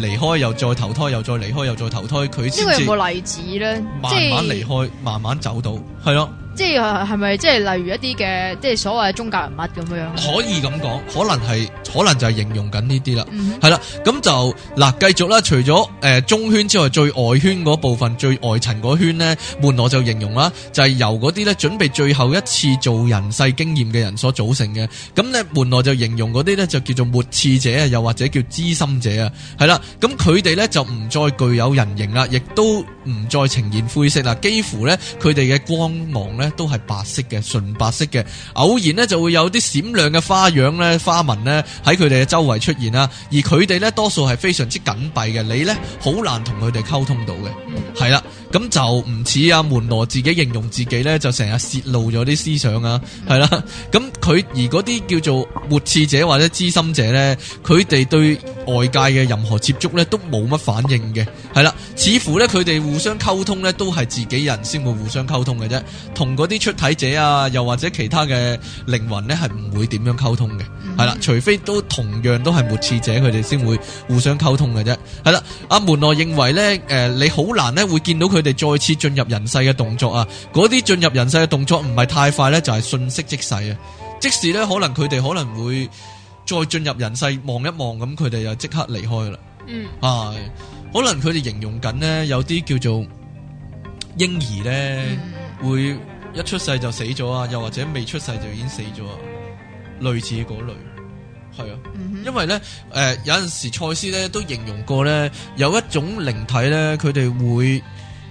離開，又再投胎，又再離開，又再，又再投胎。佢因為有冇例子呢，慢慢離開，有有慢慢走到，係咯。即係係咪即係例如一啲嘅即係所謂宗教人物咁樣？可以咁講，可能係可能就係形容緊呢啲啦。係啦、mm，咁、hmm. 就嗱，繼續啦。除咗誒、呃、中圈之外，最外圈嗰部分、最外層嗰圈咧，門羅就形容啦，就係、是、由嗰啲咧準備最後一次做人世經驗嘅人所組成嘅。咁咧，門羅就形容嗰啲咧就叫做末次者啊，又或者叫知心者啊。係啦，咁佢哋咧就唔再具有人形啦，亦都。唔再呈現灰色喇，幾乎呢，佢哋嘅光芒呢都係白色嘅、純白色嘅，偶然呢就會有啲閃亮嘅花樣呢，花紋呢喺佢哋嘅周圍出現啦。而佢哋呢，多數係非常之緊閉嘅，你呢，好難同佢哋溝通到嘅，係啦。咁就唔似阿門羅自己形容自己咧，就成日泄露咗啲思想啊，係啦。咁、嗯、佢、 嗯、而啲叫做末次者或者知心者咧，佢哋對外界嘅任何接觸咧都冇乜反應嘅，係啦。似乎咧佢哋互相溝通咧都係自己人先會互相溝通嘅啫，同啲出體者啊，又或者其他嘅靈魂咧係唔會點樣溝通嘅，係啦。除非都同樣都係末次者，佢哋先會互相溝通嘅啫，係啦。阿、啊啊、門羅認為咧，誒、呃、你好難咧會見到佢。佢哋再次進入人世嘅動作啊，嗰啲進入人世嘅動作唔係太快咧，就係瞬息即逝啊！即使咧，可能佢哋可能會再進入人世望一望，咁佢哋就即刻離開啦。嗯，啊，可能佢哋形容緊咧，有啲叫做嬰兒咧，會一出世就死咗啊，又或者未出世就已經死咗啊，類似嗰類，係啊，因為咧，誒，有陣時賽斯咧都形容過咧，有一種靈體咧，佢哋會。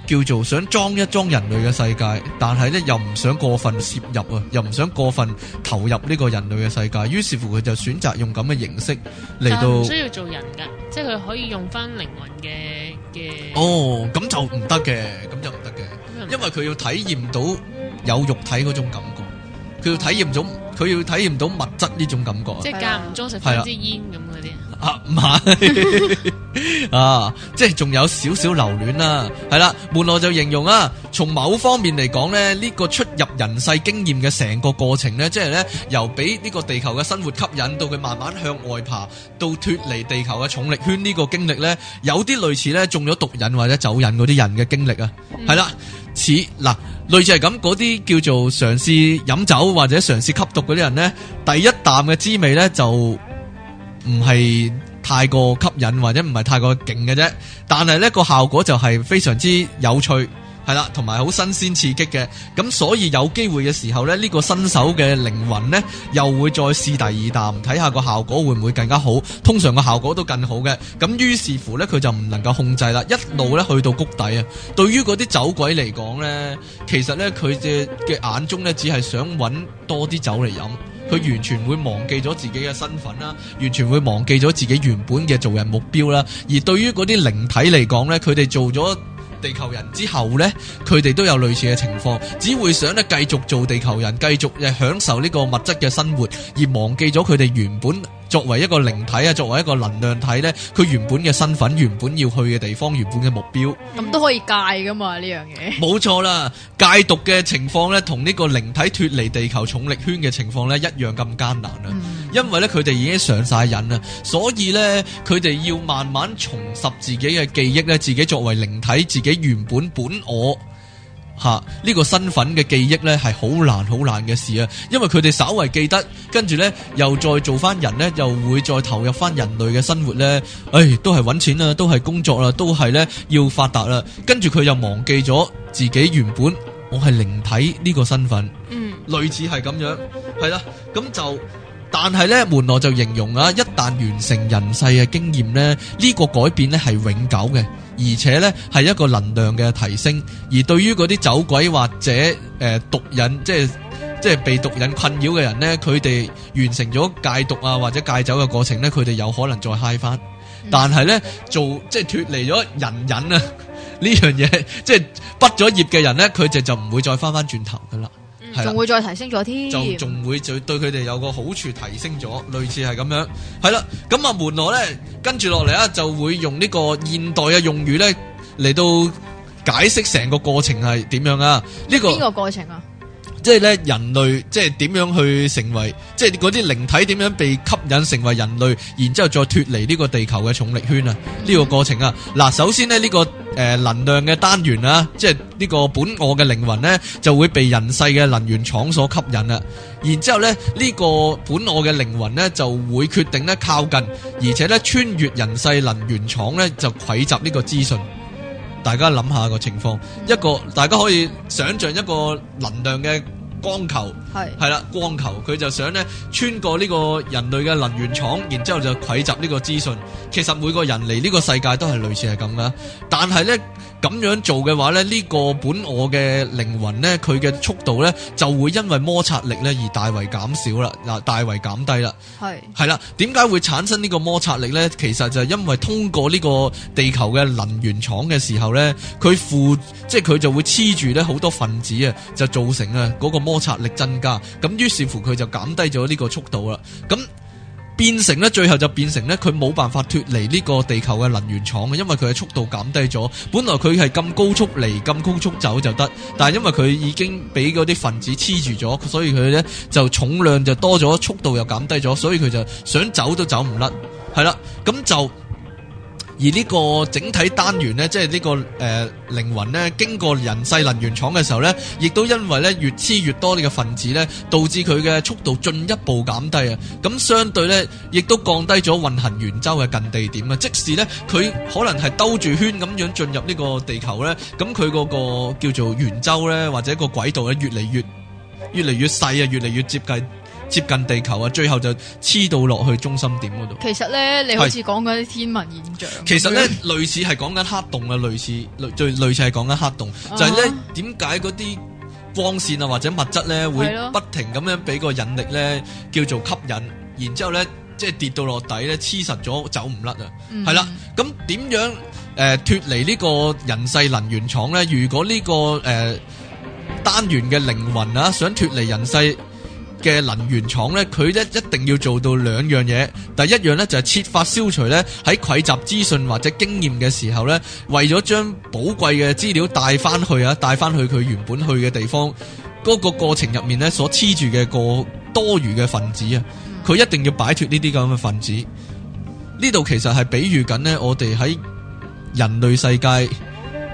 叫做想裝一裝人類嘅世界，但係咧又唔想過分涉入啊，又唔想過分投入呢個人類嘅世界。於是乎佢就選擇用咁嘅形式嚟到唔需要做人噶，即係佢可以用翻靈魂嘅嘅。哦，咁就唔得嘅，咁就唔得嘅，因為佢要體驗到有肉體嗰種感覺，佢要體驗到佢要體驗到物質呢種感覺。即係間唔中食翻支煙咁嘅嘢。啊，唔係啊，即係仲有少少留戀啦，係啦。門羅就形容啊，從某方面嚟講咧，呢個出入人世經驗嘅成個過程咧，即係咧由俾呢個地球嘅生活吸引到佢慢慢向外爬，到脫離地球嘅重力圈呢個經歷咧，有啲類似咧中咗毒癮或者酒癮嗰啲人嘅經歷啊，係啦，似嗱類似係咁嗰啲叫做嘗試飲酒或者嘗試吸毒嗰啲人咧，第一啖嘅滋味咧就。唔係太過吸引或者唔係太過勁嘅啫，但係呢個效果就係非常之有趣，係啦，同埋好新鮮刺激嘅。咁所以有機會嘅時候呢，呢、呢個新手嘅靈魂呢，又會再試第二啖，睇下個效果會唔會更加好。通常個效果都更好嘅。咁於是乎呢，佢就唔能夠控制啦，一路呢去到谷底啊。對於嗰啲酒鬼嚟講呢，其實呢，佢嘅嘅眼中呢，只係想揾多啲酒嚟飲。佢完全會忘記咗自己嘅身份啦，完全會忘記咗自己原本嘅做人目標啦。而對於嗰啲靈體嚟講呢，佢哋做咗地球人之後呢，佢哋都有類似嘅情況，只會想咧繼續做地球人，繼續誒享受呢個物質嘅生活，而忘記咗佢哋原本。作為一個靈體啊，作為一個能量體咧，佢原本嘅身份、原本要去嘅地方、原本嘅目標，咁都可以戒㗎嘛？呢樣嘢冇錯啦，戒毒嘅情況咧，同呢個靈體脫離地球重力圈嘅情況咧一樣咁艱難啊！嗯、因為咧佢哋已經上晒癮啦，所以咧佢哋要慢慢重拾自己嘅記憶咧，自己作為靈體，自己原本本我。吓，呢個身份嘅記憶咧係好難好難嘅事啊，因為佢哋稍為記得，跟住呢又再做翻人，呢又會再投入翻人類嘅生活，呢唉、哎，都係揾錢啊，都係工作啦，都係呢要發達啦，跟住佢又忘記咗自己原本我係靈體呢個身份，嗯，類似係咁樣，係啦，咁就。但係咧，門羅就形容啊，一旦完成人世嘅經驗咧，呢、這個改變咧係永久嘅，而且咧係一個能量嘅提升。而對於嗰啲走鬼或者誒、呃、毒癮，即係即係被毒癮困擾嘅人咧，佢哋完成咗戒毒啊或者戒酒嘅過程咧，佢哋有可能再嗨翻。但係咧做即係脫離咗人癮啊呢樣嘢，即係畢咗業嘅人咧，佢哋就唔會再翻翻轉頭噶啦。仲會再提升咗添，就仲會就對佢哋有個好處提升咗，類似係咁樣，係啦，咁啊，門羅咧，跟住落嚟啊，就會用呢個現代嘅用語咧嚟到解釋成個過程係點樣啊？呢、這個邊個過程啊？即係咧，人類即係點樣去成為，即係嗰啲靈體點樣被吸引成為人類，然之後再脫離呢個地球嘅重力圈啊？呢個過程啊，嗱，首先呢，呢個誒、呃、能量嘅單元啊，即係呢個本我嘅靈魂呢，就會被人世嘅能源廠所吸引啊。然之後咧，呢個本我嘅靈魂呢，就會決定呢靠近，而且呢穿越人世能源廠呢，就匯集呢個資訊。大家諗下個情況，一個大家可以想象一個能量嘅。光球係係啦，光球佢就想咧，穿過呢個人類嘅能源廠，然之後就攏集呢個資訊。其實每個人嚟呢個世界都係類似係咁㗎，但係咧。咁樣做嘅話咧，呢個本我嘅靈魂呢，佢嘅速度呢，就會因為摩擦力呢而大為減少啦，嗱，大為減低啦。係係啦，點解會產生呢個摩擦力呢？其實就係因為通過呢個地球嘅能源廠嘅時候呢，佢附，即係佢就會黐住咧好多分子啊，就造成啊嗰個摩擦力增加。咁於是乎佢就減低咗呢個速度啦。咁變成咧，最後就變成咧，佢冇辦法脫離呢個地球嘅能源廠嘅，因為佢嘅速度減低咗。本來佢係咁高速嚟，咁高速走就得，但係因為佢已經俾嗰啲分子黐住咗，所以佢呢就重量就多咗，速度又減低咗，所以佢就想走都走唔甩，係啦，咁就。而呢個整體單元呢，即係呢、呢個誒、呃、靈魂呢，經過人世能源廠嘅時候呢，亦都因為呢，越黐越多呢個分子呢，導致佢嘅速度進一步減低啊！咁相對呢，亦都降低咗運行圓周嘅近地點啊！即使呢，佢可能係兜住圈咁樣進入呢個地球呢，咁佢嗰個叫做圓周呢，或者個軌道咧，越嚟越越嚟越細啊，越嚟越，越，越接近。接近地球啊，最後就黐到落去中心點嗰度。其實呢，你好似講嗰啲天文現象。是其實呢，類似係講緊黑洞啊，類似，類最類似係講緊黑洞，uh huh. 就係呢點解嗰啲光線啊或者物質呢會不停咁樣俾個引力呢叫做吸引，然之後呢即係跌到落底呢，黐實咗走唔甩啊。係啦、mm，咁、hmm. 點樣誒脫離呢個人世能源廠呢？如果呢、這個誒、呃、單元嘅靈魂啊想脫離人世嘅能源廠呢，佢一一定要做到兩樣嘢，第一樣呢，就係設法消除呢喺匯集資訊或者經驗嘅時候呢，為咗將寶貴嘅資料帶翻去啊，帶翻去佢原本去嘅地方，嗰個過程入面呢，所黐住嘅個多餘嘅分子啊，佢一定要擺脫呢啲咁嘅分子。呢度其實係比喻緊呢，我哋喺人類世界，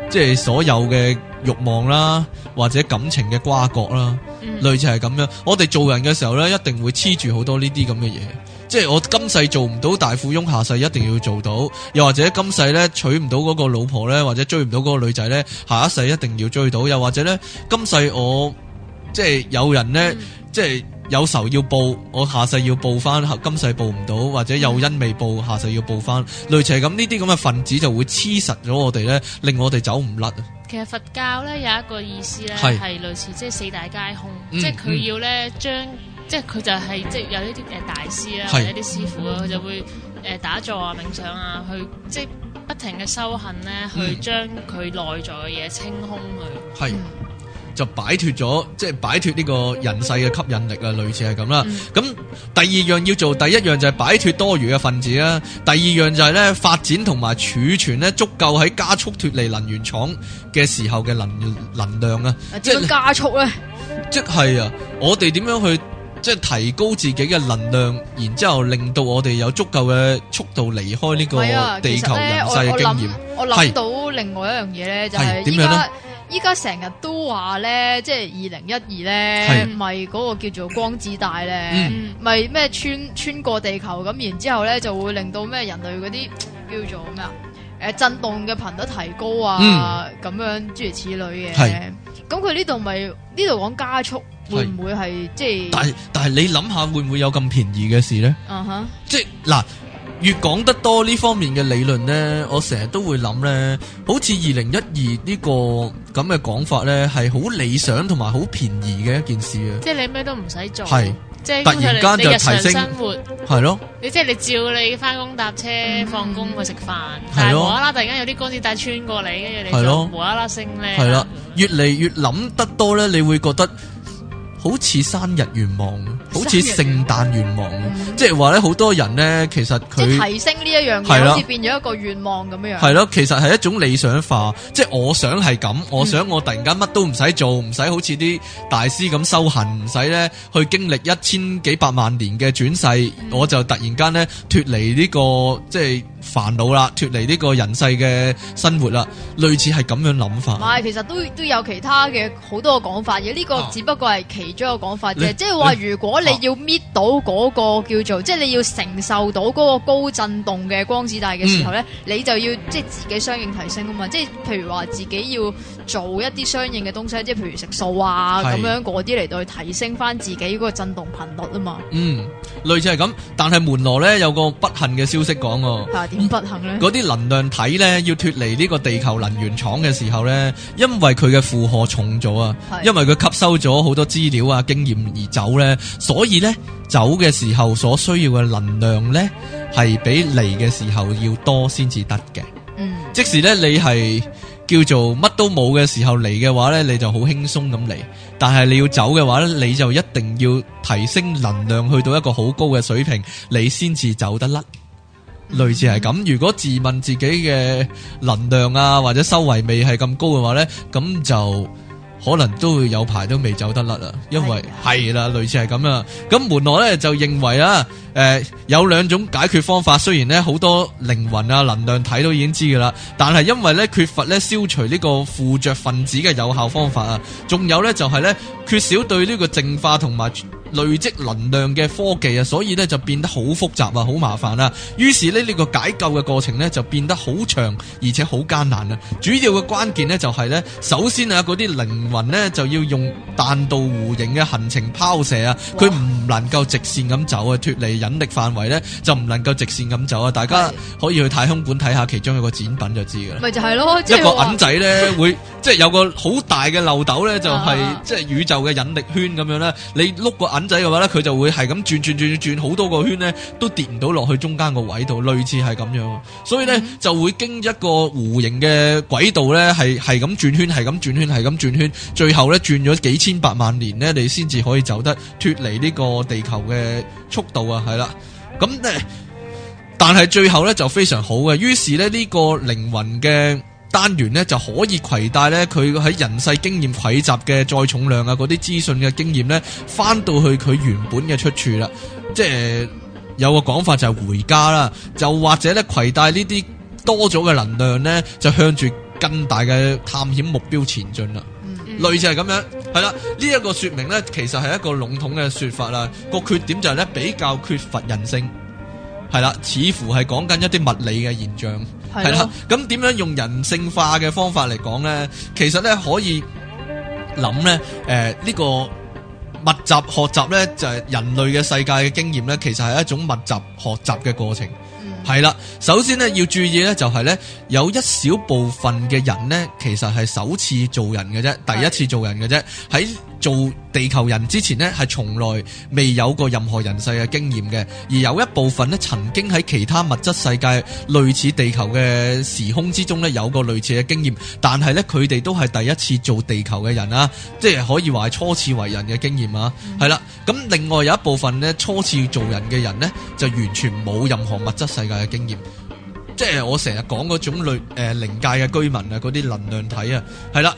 即係所有嘅慾望啦，或者感情嘅瓜葛啦。類似係咁樣，我哋做人嘅時候呢，一定會黐住好多呢啲咁嘅嘢，即係我今世做唔到大富翁，下世一定要做到；又或者今世呢，娶唔到嗰個老婆呢，或者追唔到嗰個女仔呢，下一世一定要追到；又或者呢，今世我即係有人呢，嗯、即係有仇要報，我下世要報翻，今世報唔到或者有恩未報，下世要報翻。類似係咁呢啲咁嘅分子就會黐實咗我哋呢，令我哋走唔甩。其實佛教咧有一個意思咧，係類似是即係四大皆空，嗯、即係佢要咧將，嗯、即係佢就係即係有一啲誒大師是或者一啲師傅啦，佢就會誒打坐啊、冥想啊，去即係不停嘅修行咧，嗯、去將佢內在嘅嘢清空佢。嗯是嗯就擺脫咗，即、就、係、是、擺脫呢個人世嘅吸引力啦，類似係咁啦。咁、嗯、第二樣要做，第一樣就係擺脱多餘嘅分子啦。第二樣就係咧發展同埋儲存咧足夠喺加速脫離能源廠嘅時候嘅能能量啊。即係加速咧，即係啊！我哋點樣去即係、就是、提高自己嘅能量，然之後令到我哋有足夠嘅速度離開呢個地球人世嘅經驗。我諗到另外一樣嘢咧，是就係、是、點樣咧？依家成日都話咧，即係二零一二咧，咪嗰是個叫做光子帶咧，咪咩、嗯、穿穿過地球咁，然後之後咧就會令到咩人類嗰啲叫做咩啊，誒震動嘅頻率提高啊，咁、嗯、樣諸如此類嘅。咁佢呢度咪呢度講加速會會，會唔會係即係？但係但係你諗下，會唔會有咁便宜嘅事咧？啊哈、uh！Huh. 即係嗱，越講得多呢方面嘅理論咧，我成日都會諗咧，好似二零一二呢個。咁嘅講法咧係好理想同埋好便宜嘅一件事啊！即係你咩都唔使做，係是即係突然間就提升生活，係咯的？即係的你照你翻工搭車、放工、嗯、去食飯，係咯的？無啦啦，突然間有啲光子帶穿過嚟，跟住的你係咯。嚟咗的，無啦啦升咧，係啦，越嚟越諗得多咧，你會覺得。好似生日願望，好似聖誕願望，嗯、即係話咧，好多人呢，其實佢提升呢一樣嘢，的好似變咗一個願望咁樣。係咯，其實係一種理想化，即係我想係咁，嗯、我想我突然間乜都唔使做，唔使好似啲大師咁修行，唔使呢去經歷一千幾百萬年嘅轉世，嗯、我就突然間呢脫離呢、呢個即係。煩惱啦，脫離呢個人世嘅生活啦，類似係咁樣諗法。唔係，其實都都有其他嘅好多嘅講法嘅，呢個只不過係其中一個講法啫。即係話如果你要搣到嗰個叫做，即係、啊、你要承受到嗰個高震動嘅光子帶嘅時候咧，嗯、你就要即係、就是、自己相應提升啊嘛。即係譬如話自己要做一啲相應嘅東西，即係譬如食素啊咁是樣嗰啲嚟到去提升翻自己嗰個震動頻率啊嘛。嗯，類似係咁，但係門羅咧有個不幸嘅消息講喎。不幸咧，嗰啲能量體咧要脱離呢個地球能源廠嘅時候咧，因為佢嘅負荷重咗啊，的因為佢吸收咗好多資料啊、經驗而走咧，所以咧走嘅時候所需要嘅能量咧係比嚟嘅時候要多先至得嘅。嗯，即使咧你係叫做乜都冇嘅時候嚟嘅話咧，你就好輕鬆咁嚟，但係你要走嘅話咧，你就一定要提升能量去到一個好高嘅水平，你先至走得甩。類似係咁，如果自問自己嘅能量啊或者修為未係咁高嘅話呢，咁就可能都會有排都未走得甩啦，因為係啦的，類似係咁啊。咁門羅呢，就認為啊，誒、呃、有兩種解決方法，雖然呢，好多靈魂啊能量體都已經知噶啦，但係因為呢，缺乏呢，消除呢個附着分子嘅有效方法啊，仲有呢，就係、是、呢，缺少對呢個淨化同埋。累積能量嘅科技啊，所以咧就變得好複雜啊，好麻煩啦。於是呢，呢、這個解救嘅過程呢就變得好長而且好艱難啊。主要嘅關鍵呢就係、是、呢，首先啊嗰啲靈魂呢就要用彈道弧形嘅行程拋射啊，佢唔哇能夠直線咁走啊，脫離引力範圍呢，就唔能夠直線咁走啊。大家可以去太空館睇下其中有個展品就知噶啦。咪就係咯，就是、一個銀仔呢會 即係有個好大嘅漏斗呢、就是，就係、啊、即係宇宙嘅引力圈咁樣呢。你碌個銀。咁仔嘅話咧，佢就會係咁轉轉轉轉好多個圈咧，都跌唔到落去中間個位度，類似係咁樣，所以咧就會經一個弧形嘅軌道咧，係係咁轉圈，係咁轉圈，係咁轉圈，最後咧轉咗幾千百萬年咧，你先至可以走得脫離呢個地球嘅速度啊，係啦，咁咧，但係最後咧就非常好嘅，於是咧呢個靈魂嘅。單元咧就可以攜帶咧佢喺人世經驗匯集嘅載重量啊，嗰啲資訊嘅經驗咧，翻到去佢原本嘅出處啦。即係有個講法就係回家啦，又或者咧攜帶呢啲多咗嘅能量咧，就向住更大嘅探險目標前進啦。嗯嗯，類似係咁樣，係啦，呢、這、一個說明咧，其實係一個籠統嘅說法啦。個缺點就係咧比較缺乏人性，係啦，似乎係講緊一啲物理嘅現象。係啦，咁點樣用人性化嘅方法嚟講呢？其實咧可以諗呢，誒、呃、呢、這個密集學習呢，就係、是、人類嘅世界嘅經驗呢，其實係一種密集學習嘅過程。係啦、嗯，首先咧要注意呢，就係、是、呢，有一小部分嘅人呢，其實係首次做人嘅啫，第一次做人嘅啫喺。的做地球人之前呢，係從來未有過任何人世嘅經驗嘅，而有一部分咧，曾經喺其他物質世界類似地球嘅時空之中呢，有過類似嘅經驗，但係呢，佢哋都係第一次做地球嘅人啊，即係可以話係初次為人嘅經驗啊，係啦。咁另外有一部分呢，初次做人嘅人呢，就完全冇任何物質世界嘅經驗，即係我成日講嗰種類誒、呃、靈界嘅居民啊，嗰啲能量體啊，係啦。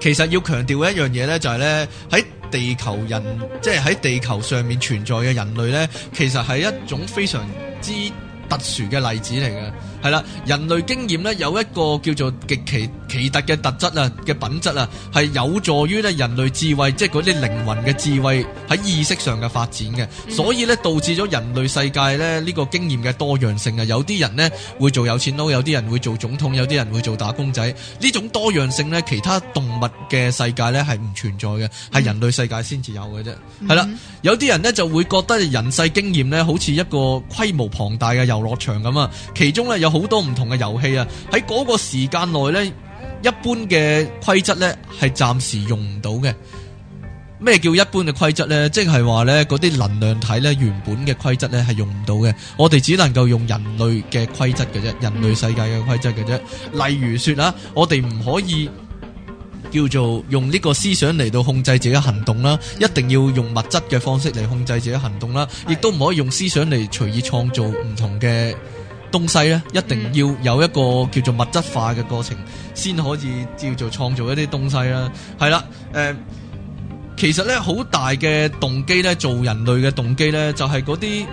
其實要強調一樣嘢咧，就係咧喺地球人，即係喺地球上面存在嘅人類咧，其實係一種非常之特殊嘅例子嚟嘅，係啦，人類經驗咧有一個叫做極其奇特嘅特質啊嘅品質啊，係、啊、有助於咧人類智慧，即係啲靈魂嘅智慧喺意識上嘅發展嘅，所以咧導致咗人類世界咧呢、這個經驗嘅多樣性啊，有啲人咧會做有錢佬，有啲人會做總統，有啲人會做打工仔，呢種多樣性咧其他動物嘅世界咧係唔存在嘅。係、嗯、人類世界先至有嘅啫。係啦，嗯、有啲人咧就會覺得人世經驗咧好似一個規模龐大嘅遊樂場咁啊，其中咧有好多唔同嘅遊戲啊，喺嗰個時間內咧，一般嘅規則咧係暫時用唔到嘅。咩叫一般嘅規則呢？即係話咧，嗰啲能量體咧原本嘅規則咧係用唔到嘅。我哋只能夠用人類嘅規則嘅啫，人類世界嘅規則嘅啫。例如說啊，我哋唔可以。叫做用呢個思想嚟到控制自己行動啦，一定要用物質嘅方式嚟控制自己行動啦，亦都唔可以用思想嚟隨意創造唔同嘅東西咧，一定要有一個叫做物質化嘅過程，先可以叫做創造一啲東西啦。係啦，誒、呃，其實咧好大嘅動機咧，做人類嘅動機咧，就係嗰啲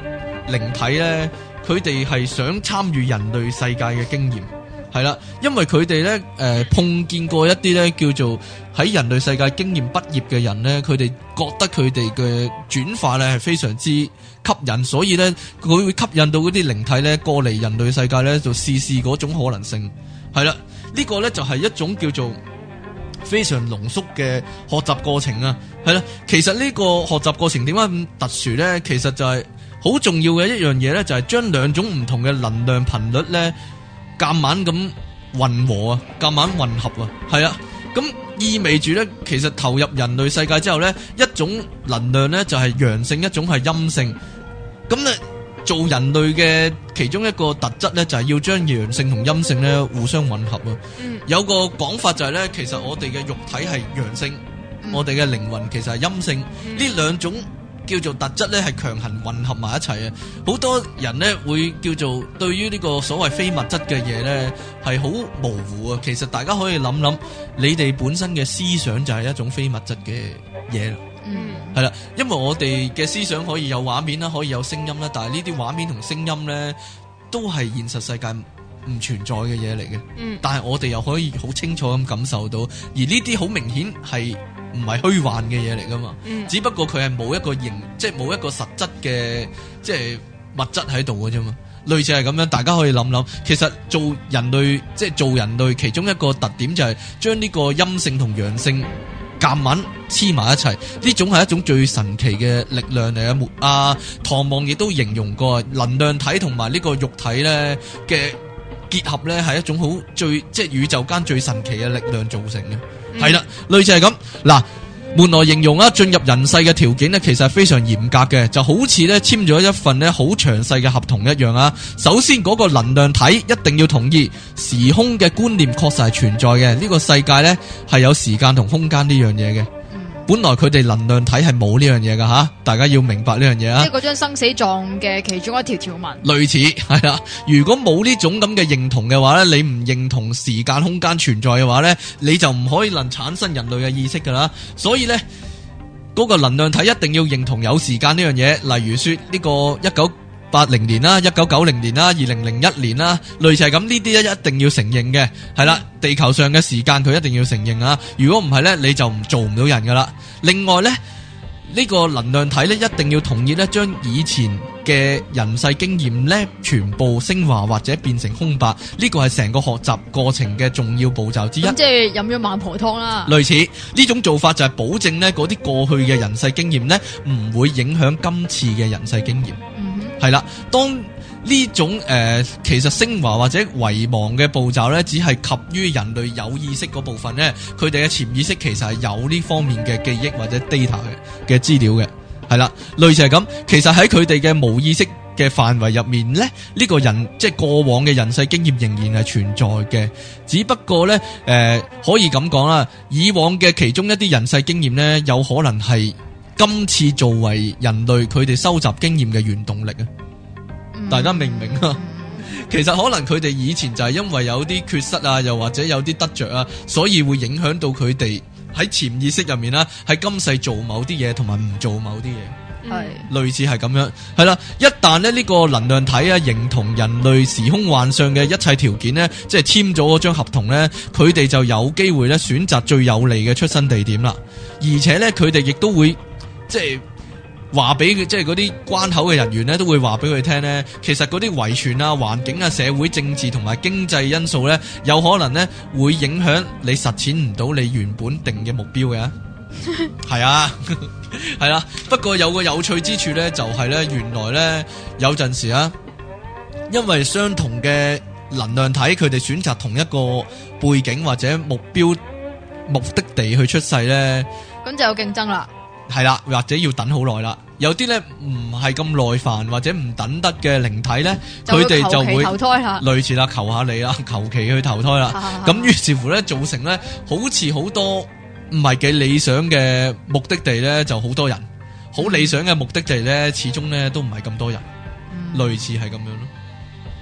靈體咧，佢哋係想參與人類世界嘅經驗。係啦，因為佢哋咧，誒、呃，碰見過一啲咧叫做喺人類世界經驗畢業嘅人咧，佢哋覺得佢哋嘅轉化咧係非常之吸引，所以咧佢會吸引到嗰啲靈體咧過嚟人類世界咧就試試嗰種可能性。係啦，這個、呢個咧就係、是、一種叫做非常濃縮嘅學習過程啊。係啦，其實呢個學習過程點解咁特殊咧？其實就係好重要嘅一樣嘢咧，就係將兩種唔同嘅能量頻率咧。夾晚咁混合啊，夾晚混合啊，係啊，咁意味住呢，其實投入人類世界之後呢，一種能量呢，就係陽性，一種係陰性，咁呢，做人類嘅其中一個特質呢，就係要將陽性同陰性呢互相混合啊。嗯、有個講法就係、是、呢，其實我哋嘅肉體係陽性，嗯、我哋嘅靈魂其實係陰性，呢兩、嗯、種叫做特質咧，係強行混合埋一齊啊！好多人咧會叫做對於呢個所謂非物質嘅嘢咧，係好模糊啊！其實大家可以諗諗，你哋本身嘅思想就係一種非物質嘅嘢。嗯，係啦，因為我哋嘅思想可以有畫面啦，可以有聲音啦，但係呢啲畫面同聲音咧，都係現實世界唔存在嘅嘢嚟嘅。嗯，但係我哋又可以好清楚咁感受到，而呢啲好明顯係。唔係虛幻嘅嘢嚟噶嘛，嗯，只不過佢係冇一個形，即係冇一個實質嘅，即係物質喺度嘅啫嘛。類似係咁樣，大家可以諗諗。其實做人類，即係做人類，其中一個特點就係將呢個陰性同陽性夾緊黐埋一齊。呢種係一種最神奇嘅力量嚟嘅。啊，唐望亦都形容過，能量體同埋呢個肉體咧嘅。結合咧，係一種好最即係宇宙間最神奇嘅力量造成嘅，係啦、嗯，類似係咁嗱。門羅形容啊，進入人世嘅條件咧，其實係非常嚴格嘅，就好似咧簽咗一份咧好詳細嘅合同一樣啊。首先嗰個能量體一定要同意，時空嘅觀念確實係存在嘅，呢，呢個世界呢係有時間同空間呢樣嘢嘅。本來佢哋能量體係冇呢樣嘢噶吓，大家要明白呢樣嘢啊，即係嗰張生死狀嘅其中一條條文，類似係啦。如果冇呢種咁嘅認同嘅話咧，你唔認同時間空間存在嘅話咧，你就唔可以能產生人類嘅意識噶啦。所以呢，嗰個能量體一定要認同有時間呢樣嘢，例如說呢個一九。八零年啦，一九九零年啦，二零零一年啦，類似係咁，呢啲咧一定要承認嘅。係啦，地球上嘅時間佢一定要承認啊！如果唔係咧，你就唔做唔到人噶啦。另外咧，呢個能量體咧一定要同意咧，將以前嘅人世經驗咧全部升華或者變成空白，呢個係成個學習過程嘅重要步驟之一。即係飲咗孟婆湯啦。類似呢種做法就係保證咧，嗰啲過去嘅人世經驗咧，唔會影響今次嘅人世經驗。係啦，當呢種誒、呃，其實升華或者遺忘嘅步驟呢，只係及於人類有意識嗰部分呢，佢哋嘅潛意識其實係有呢方面嘅記憶或者 data 嘅嘅資料嘅，係啦，類似係咁，其實喺佢哋嘅無意識嘅範圍入面呢，呢、呢個人即係、就是、過往嘅人世經驗仍然係存在嘅，只不過呢，誒、呃，可以咁講啦，以往嘅其中一啲人世經驗呢，有可能係。今次作為人類佢哋收集經驗嘅原動力啊，嗯、大家明唔明啊？嗯、其實可能佢哋以前就係因為有啲缺失啊，又或者有啲得着啊，所以會影響到佢哋喺潛意識入面啦，喺今世做某啲嘢同埋唔做某啲嘢，係是類似係咁樣，係啦。一旦咧呢、呢個能量體啊認同人類時空幻象嘅一切條件呢，即係簽咗嗰張合同呢，佢哋就有機會咧選擇最有利嘅出生地點啦，而且呢，佢哋亦都會。即係話俾佢，即係嗰啲關口嘅人員咧，都會話俾佢聽咧。其實嗰啲遺傳啊、環境啊、社會、啊、政治同、啊、埋經濟因素咧，有可能咧會影響你實踐唔到你原本定嘅目標嘅。係啊，係啦、 啊啊啊。不過有個有趣之處咧，就係、是、咧，原來咧有陣時啊，因為相同嘅能量體，佢哋選擇同一個背景或者目標目的地去出世咧，咁就有競爭啦。係啦，或者要等好耐啦。有啲咧唔係咁耐煩，或者唔等得嘅靈體咧，佢哋就，就會投胎啦，類似啦，求下你啦，求其去投胎啦。咁於是乎咧，造成咧好似好多唔係幾理想嘅目的地咧，就好多人。好理想嘅目的地咧，始終咧都唔係咁多人。嗯、類似係咁樣咯，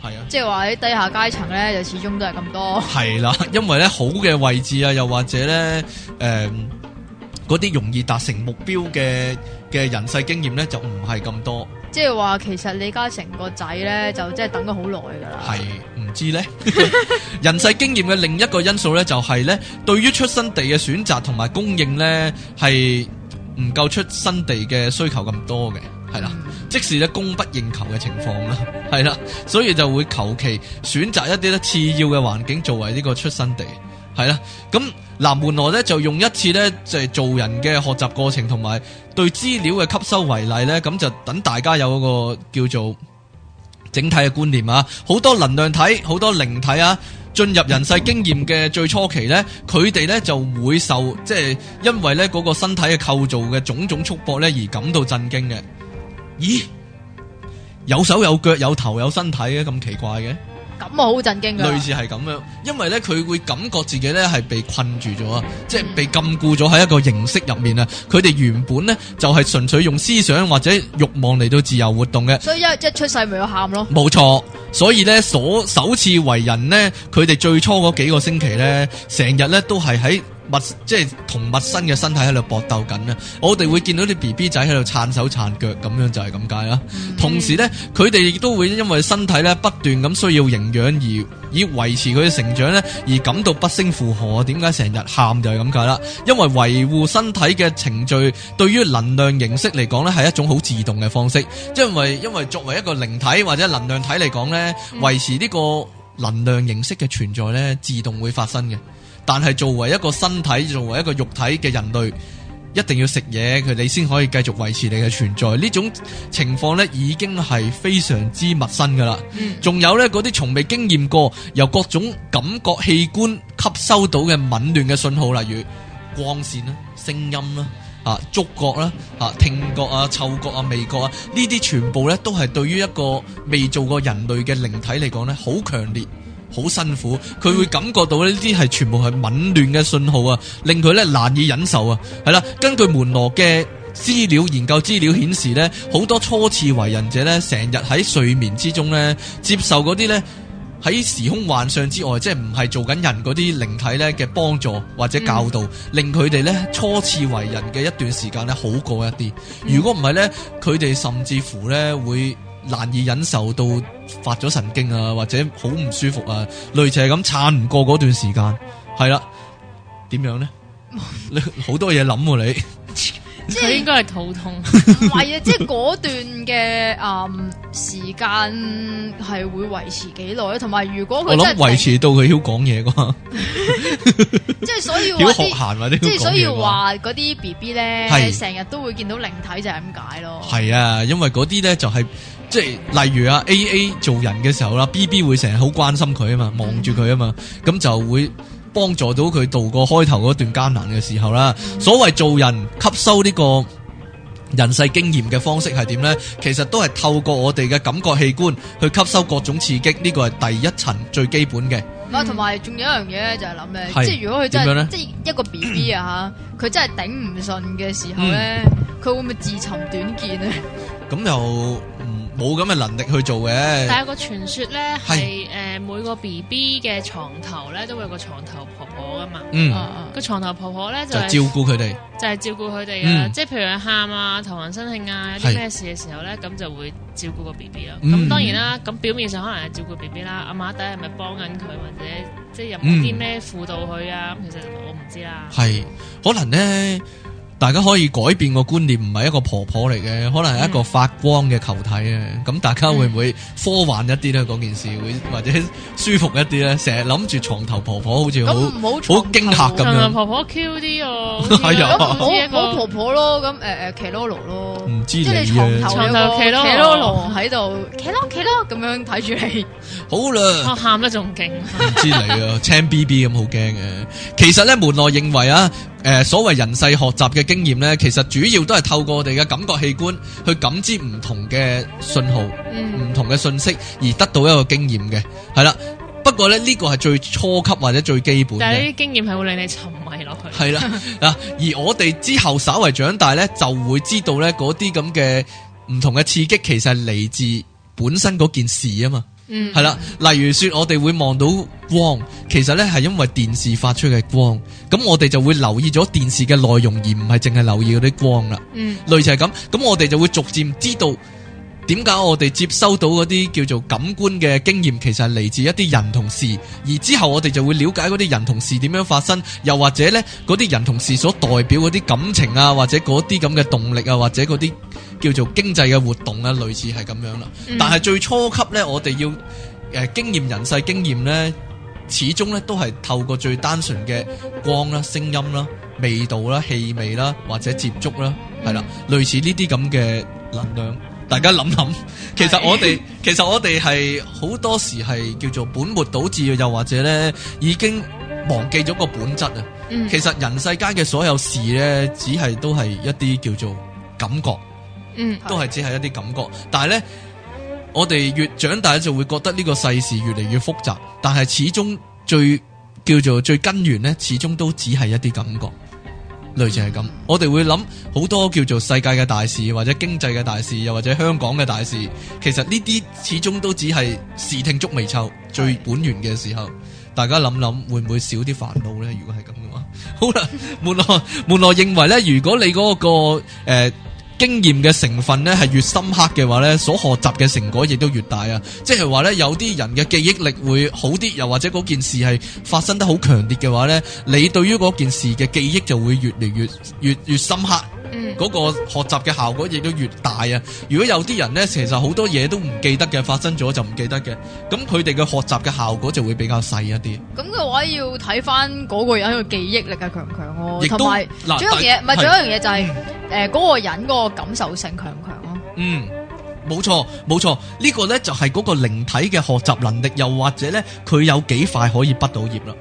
係啊。即係話喺低下階層咧，就始終都係咁多。係啦，因為咧好嘅位置啊，又或者咧誒。嗯嗰啲容易達成目標嘅嘅人世經驗咧，就唔係咁多。即係話，其實李嘉誠個仔咧，就即係等咗好耐㗎啦。係唔知咧？人世經驗嘅另一個因素咧，就係咧，對於出生地嘅選擇同埋供應咧，係唔夠出生地嘅需求咁多嘅，係啦。即時咧，供不應求嘅情況啦，係啦，所以就會求其選擇一啲咧次要嘅環境作為呢個出生地，係啦。咁南、啊、門羅咧就用一次咧即係做人嘅學習過程同埋對資料嘅吸收為例咧，咁就等大家有一個叫做整體嘅觀念啊。好多能量體、好多靈體啊，進入人世經驗嘅最初期咧，佢哋咧就會受即係、就是、因為呢嗰、那個身體嘅構造嘅種種束縛咧而感到震驚嘅。咦，有手有腳有頭有身體嘅咁奇怪嘅，咁咪好震驚啊！類似係咁樣，因為咧佢會感覺自己咧係被困住咗，嗯、即係被禁錮咗喺一個形式入面啊！佢哋原本咧就係純粹用思想或者欲望嚟到自由活動嘅，所以一一出世咪有喊咯，冇錯。所以咧所首次為人呢，佢哋最初嗰幾個星期咧，成日咧都係喺。物即係同陌生嘅身體喺度搏鬥緊啊！我哋會見到啲 BB 仔喺度撐手撐腳咁樣，就係咁解啦。嗯、同時呢，佢哋亦都會因為身體咧不斷咁需要營養而以維持佢嘅成長咧，而感到不勝負荷啊！點解成日喊就係咁解啦？因為維護身體嘅程序，對於能量形式嚟講呢，係一種好自動嘅方式。因為因為作為一個靈體或者能量體嚟講呢，維持呢個能量形式嘅存在呢，自動會發生嘅。但係作為一個身體、作為一個肉體嘅人類，一定要食嘢，佢哋先可以繼續維持你嘅存在。呢種情況咧，已經係非常之陌生噶啦。仲有呢，嗰啲從未經驗過由各種感覺器官吸收到嘅紊亂嘅信號，例如光線啦、聲音啦、吓觸覺啦、吓聽覺啊、嗅覺啊、味覺啊，呢啲全部咧都係對於一個未做過人類嘅靈體嚟講咧，好強烈。好辛苦，佢會感覺到呢啲係全部係紊亂嘅信號啊，令佢咧難以忍受啊。係啦，根據門羅嘅資料研究資料顯示呢，好多初次為人者呢，成日喺睡眠之中呢，接受嗰啲呢，喺時空幻象之外，即係唔係做緊人嗰啲靈體呢嘅幫助或者教導，嗯、令佢哋呢，初次為人嘅一段時間呢好過一啲。如果唔係呢，佢哋甚至乎呢會。難以忍受到發咗神經啊，或者好唔舒服啊，類似係咁撐唔過嗰段時間，係啦，點樣咧、 啊？你好多嘢諗喎，你即係應該係肚痛，係啊， 即係嗰段嘅誒、嗯、時間係會維持幾耐？同埋如果佢我諗維持到佢要講嘢嘅，即 係 所以我啲即係所以話嗰啲 BB 咧，成日的都會見到靈體就係咁解咯。係啊，因為嗰啲咧就係、是。即係例如啊，A A 做人嘅時候啦，B B 會成日好關心佢啊嘛，望住佢啊嘛，咁就會幫助到佢度過開頭嗰段艱難嘅時候啦。所謂做人吸收呢個人世經驗嘅方式係點咧？其實都係透過我哋嘅感覺器官去吸收各種刺激，呢個係第一層最基本嘅。啊，同埋仲有一樣嘢咧，就係諗咧，即係如果佢真係，即係一個 B B 啊吓，佢真係頂唔順嘅時候咧，佢會唔會自尋短見咧？咁、嗯、又？冇咁嘅能力去做嘅。但係有個傳說咧，係誒每個 B B 嘅床頭咧，都會有個床頭婆婆噶嘛。嗯，個、啊、床頭婆婆咧，就是，就照顧佢哋，就係照顧佢哋啊。即係譬如佢喊啊，頭暈身慶啊，有啲咩事嘅時候咧，咁是就會照顧個 B B 咯。咁、嗯、當然啦，咁表面上可能係照顧 B B 啦，阿媽底係咪幫緊佢，或者即係有冇啲咩輔導佢啊？咁、嗯、其實我唔知啦。係，可能咧。大家可以改變個觀念，唔係一個婆婆嚟嘅，可能係一個發光嘅球體啊！咁大家會唔會科幻一啲咧？嗰件事會或者舒服一啲咧？成日諗住床頭婆婆好似好好驚嚇咁樣，婆婆 Q 啲啊！咁啊，好嘅冇婆婆咯，咁誒誒騎驢奴咯，唔知你床頭騎驢奴喺度騎咯騎咁樣睇住你，好啦，喊得仲勁，唔知你啊，青 B B 咁好驚嘅。其實咧，門羅認為啊。誒、呃，所謂人世學習嘅經驗呢，其實主要都係透過我哋嘅感覺器官去感知唔同嘅信號、嗯、唔同嘅信息，而得到一個經驗嘅，係啦。不過呢呢個係最初級或者最基本嘅。但係呢啲經驗係會令你沉迷落去。係啦嗱，而我哋之後稍為長大呢，就會知道呢嗰啲咁嘅唔同嘅刺激，其實係嚟自本身嗰件事啊嘛。係啦、嗯，例如說，我哋會望到光，其實呢係因為電視發出嘅光，咁我哋就會留意咗電視嘅內容，而唔係淨係留意嗰啲光啦。嗯，類似係咁，咁我哋就會逐漸知道點解我哋接收到嗰啲叫做感官嘅經驗，其實係嚟自一啲人同事，而之後我哋就會了解嗰啲人同事點樣發生，又或者呢嗰啲人同事所代表嗰啲感情啊，或者嗰啲咁嘅動力啊，或者嗰啲。叫做經濟嘅活動啦，類似係咁樣啦。但係最初級呢，我哋要誒、呃、經驗、人世經驗呢，始終呢都係透過最單純嘅光啦、聲音啦、味道啦、氣味啦，或者接觸啦，係啦、嗯，類似呢啲咁嘅能量。大家諗諗，其實我哋是其實我哋係好多時係叫做本末倒置，又或者呢已經忘記咗個本質啊。嗯、其實人世間嘅所有事呢，只係都係一啲叫做感覺。嗯，都係只係一啲感覺，但係呢，我哋越長大就會覺得呢個世事越嚟越複雜，但係始終最叫做最根源呢，始終都只係一啲感覺，類似係咁。我哋會諗好多叫做世界嘅大事，或者經濟嘅大事，又或者香港嘅大事，其實呢啲始終都只係視聽足未抽，最本源嘅時候，的大家諗諗會唔會少啲煩惱呢？ 如果係咁嘅話，好啦，門羅門羅認為呢，如果你嗰、那個誒。呃經驗嘅成分咧係越深刻嘅話咧，所學習嘅成果亦都越大啊！即係話咧，有啲人嘅記憶力會好啲，又或者嗰件事係發生得好強烈嘅話咧，你對於嗰件事嘅記憶就會越嚟越越越深刻，嗯，嗰個學習嘅效果亦都越大啊！如果有啲人咧，其實好多嘢都唔記得嘅，發生咗就唔記得嘅，咁佢哋嘅學習嘅效果就會比較細一啲。咁嘅話要睇翻嗰個人嘅記憶力強唔強哦，同埋，嗱，仲有一樣嘢，唔係，仲有一樣嘢就係，誒，嗰個人嗰個。感受性強強咯？嗯，冇錯冇錯，呢、這個咧就係嗰個靈體嘅學習能力，又或者咧佢有幾快可以畢到業啦。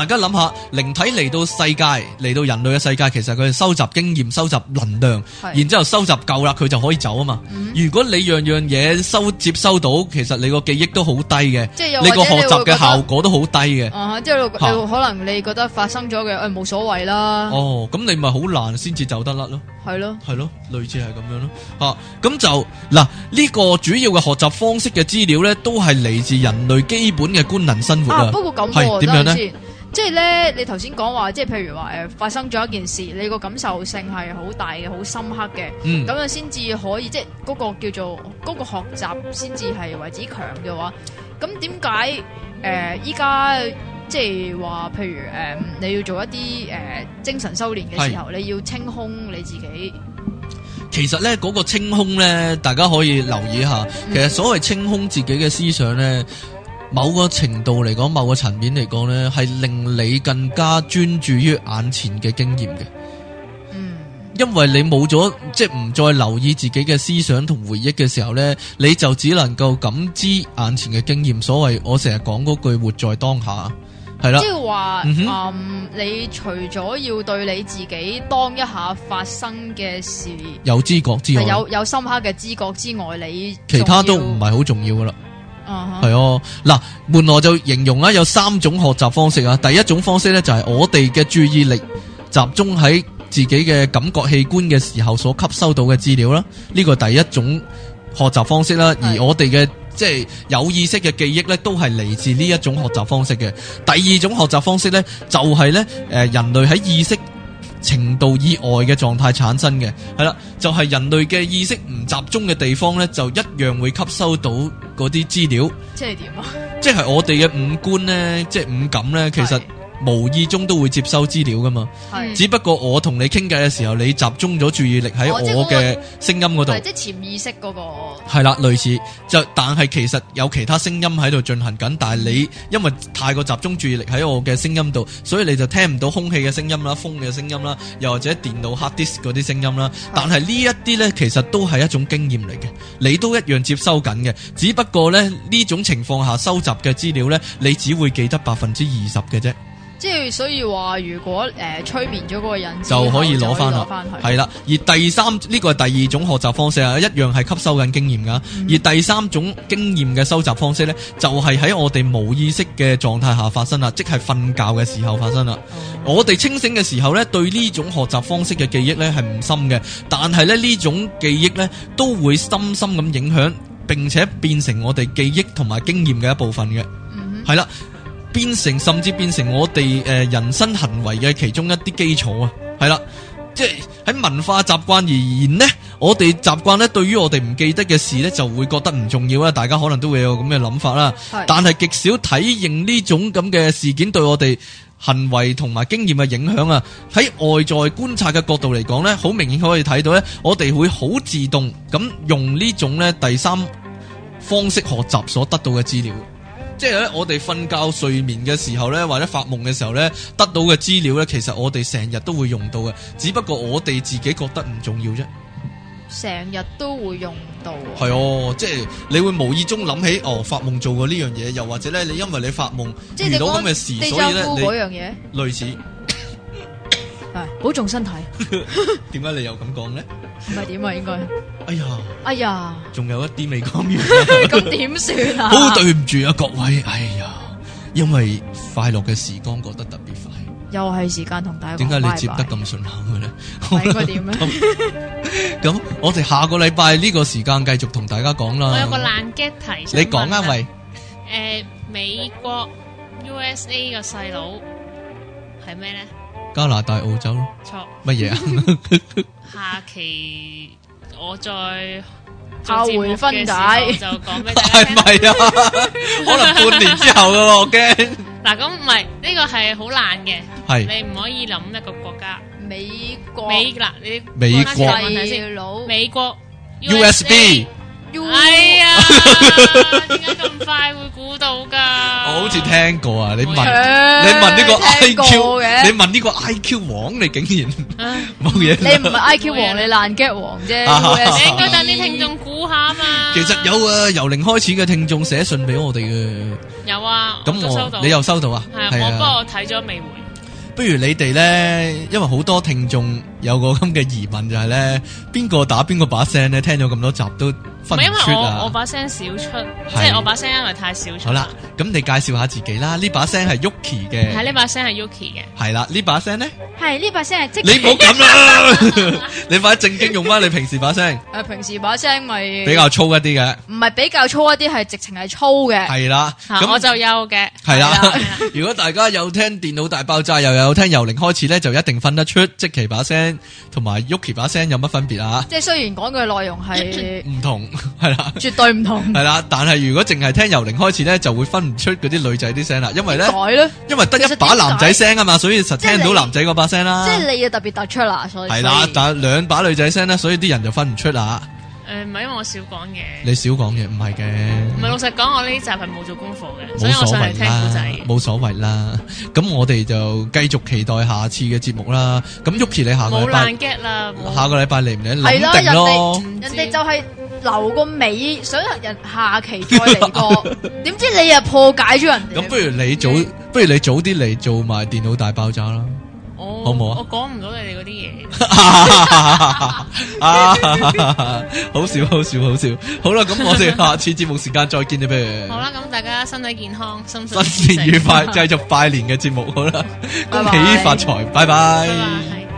大家諗下，靈體嚟到世界，嚟到人類嘅世界，其實佢係收集經驗、收集能量，然之後收集夠啦，佢就可以走啊嘛。如果你樣樣嘢收接收到，其實你個記憶都好低嘅，你個學習嘅效果都好低嘅。哦，即係你可能你覺得發生咗嘅，誒，冇所謂啦。哦，咁你咪好難先至走得甩咯。係咯，係咯，類似係咁樣咯。吓，咁就嗱，呢個主要嘅學習方式嘅資料咧，都係嚟自人類基本嘅官能生活啊。不過咁點樣咧？即係咧，你頭先講話，即係譬如話誒，發生咗一件事，你個感受性係好大嘅，好深刻嘅，咁、嗯、樣先至可以，即係嗰個叫做嗰、那個學習先至係為之強嘅話，咁點解誒依家即係話譬如誒、呃、你要做一啲誒、呃、精神修煉嘅時候，係你要清空你自己？其實咧，嗰、那個清空咧，大家可以留意下，其實所謂清空自己嘅思想咧。嗯嗯某個程度嚟講，某個層面嚟講呢，係令你更加專注於眼前嘅經驗嘅。嗯，因為你冇咗，即係唔再留意自己嘅思想同回憶嘅時候呢，你就只能夠感知眼前嘅經驗。所謂我成日講嗰句活在當下，係啦，即係話，嗯哼 um，你除咗要對你自己當一下發生嘅事有知覺之外，有有深刻嘅知覺之外，你其他都唔係好重要噶啦。係哦，嗱、uh，門、huh. 羅、啊、就形容啦，有三種學習方式啊。第一種方式呢，就係我哋嘅注意力集中喺自己嘅感覺器官嘅時候所吸收到嘅資料啦，呢、這個第一種學習方式啦。而我哋嘅即係有意識嘅記憶呢，都係嚟自呢一種學習方式嘅。第二種學習方式呢，就係呢誒，人類喺意識。程度以外嘅狀態產生嘅，係啦，就係人類嘅意識唔集中嘅地方呢，就一樣會吸收到嗰啲資料。即係點啊？即係我哋嘅五官呢，即係五感呢，其實。無意中都會接收資料噶嘛，是只不過我同你傾偈嘅時候，你集中咗注意力喺我嘅聲音嗰度，哦，即潛 意識嗰、那個係啦，類似就，但係其實有其他聲音喺度進行緊，但係你因為太過集中注意力喺我嘅聲音度，所以你就聽唔到空氣嘅聲音啦，風嘅聲音啦，又或者電腦黑 a 嗰啲聲音啦。是但係呢一啲呢，其實都係一種經驗嚟嘅，你都一樣接收緊嘅，只不過呢，呢種情況下收集嘅資料呢，你只會記得百分之二十嘅啫。即係所以話，如果誒、呃、催眠咗嗰個人，就可以攞翻啦。係啦，而第三呢個係第二種學習方式啊，一樣係吸收緊經驗噶。嗯、而第三種經驗嘅收集方式呢就係、是、喺我哋冇意識嘅狀態下發生啦，即係瞓覺嘅時候發生啦。嗯、我哋清醒嘅時候呢，對呢種學習方式嘅記憶呢係唔深嘅，但係呢呢種記憶呢都會深深咁影響，並且變成我哋記憶同埋經驗嘅一部分嘅。係啦、嗯。變成甚至變成我哋誒、呃、人生行為嘅其中一啲基礎啊，係啦，即係喺文化習慣而言呢，我哋習慣咧，對於我哋唔記得嘅事呢，就會覺得唔重要啊。大家可能都會有咁嘅諗法啦，是但係極少體認呢種咁嘅事件對我哋行為同埋經驗嘅影響啊。喺外在觀察嘅角度嚟講呢，好明顯可以睇到呢，我哋會好自動咁用呢種呢第三方式學習所得到嘅資料。即係咧，我哋瞓覺睡眠嘅時候咧，或者發夢嘅時候咧，得到嘅資料咧，其實我哋成日都會用到嘅，只不過我哋自己覺得唔重要啫。成日都會用到，係哦，即係你會無意中諗起哦，發夢做過呢樣嘢，又或者咧，你因為你發夢、嗰個、遇到咁嘅事，嗰個、所以咧，嗰樣嘢類似。 保重身體。點解你又咁講咧？唔係點啊，應該。哎呀，哎呀，仲有一啲未講完，咁點算啊？好對唔住啊，各位，哎呀，因為快樂嘅時光過得特別快。又係時間同大家，點解你接得咁順口嘅咧？點啊？咁我哋下個禮拜呢個時間繼續同大家講啦。我有個爛 gag 題，你講啊，喂。誒，美國 USA 嘅細佬係咩咧？加拿大、澳洲咯，錯乜嘢啊？下期我再教回分解就講俾，係唔係啊？可能半年之後嘅，我驚。嗱，咁唔係呢個係好難嘅，係你唔可以諗一個國家，美國，嗱你美國佬，美國 USB，哎呀，點解咁快會？估到噶，我好似聽過啊！你問你問呢個 I Q，你問呢個 I Q 王，你竟然冇嘢。你唔係 I Q 王，你爛 gag 王啫。你應該等啲聽眾估下嘛。其實有啊，由零開始嘅聽眾寫信俾我哋嘅，有啊，咁我收到，你又收到啊？係啊，不過我睇咗未回。不如你哋咧，因為好多聽眾。有個咁嘅疑問就係咧，邊個打邊個把聲咧？聽咗咁多集都分唔出，因為我我把聲少出，即係我把聲因為太少出。好啦，咁你介紹下自己啦。呢把聲係 Yuki 嘅，係呢把聲係 Yuki 嘅，係啦。呢把聲咧，係呢把聲係即。你唔好咁啦，你快正經用翻你平時把聲。誒，平時把聲咪比較粗一啲嘅，唔係比較粗一啲，係直情係粗嘅。係啦，咁我就有嘅。係啦，如果大家有聽《電腦大爆炸》，又有聽《由零開始》咧，就一定分得出即其把聲。同埋 Yuki 把聲有乜分別啊？即係雖然講嘅內容係唔 不同，係 啦的，絕對唔同，係啦。 但係如果淨係聽由零開始咧，就會分唔出嗰啲女仔啲聲啦。因為咧，為呢因為得一把男仔聲啊嘛，所以實聽到男仔嗰把聲啦。即係你，即係你要特別突出啦，所以係啦，但兩把女仔聲咧，所以啲人就分唔出啦。誒，唔係、呃、因為我少講嘢，你少講嘢唔係嘅，唔係老實講，我呢集係冇做功課嘅，所，所以我上嚟聽古仔，冇所謂啦。咁我哋就繼續期待下次嘅節目啦。咁 Yuki 你下個禮拜爛，下個禮拜嚟唔嚟？係啦的，咯人哋人哋就係留個尾，想人下期再嚟過，點 知你又破解咗人哋？咁不如你早， 不如你早啲嚟做埋電腦大爆炸啦。我好唔好嗎啊！我講唔到你哋嗰啲嘢，好笑，好笑，好笑。好啦，咁我哋下次節目時間再見啦，不如。好啦，咁大家身體健康，新年愉快，繼 續拜年嘅節目，好啦，拜拜恭喜發財，拜拜。拜拜。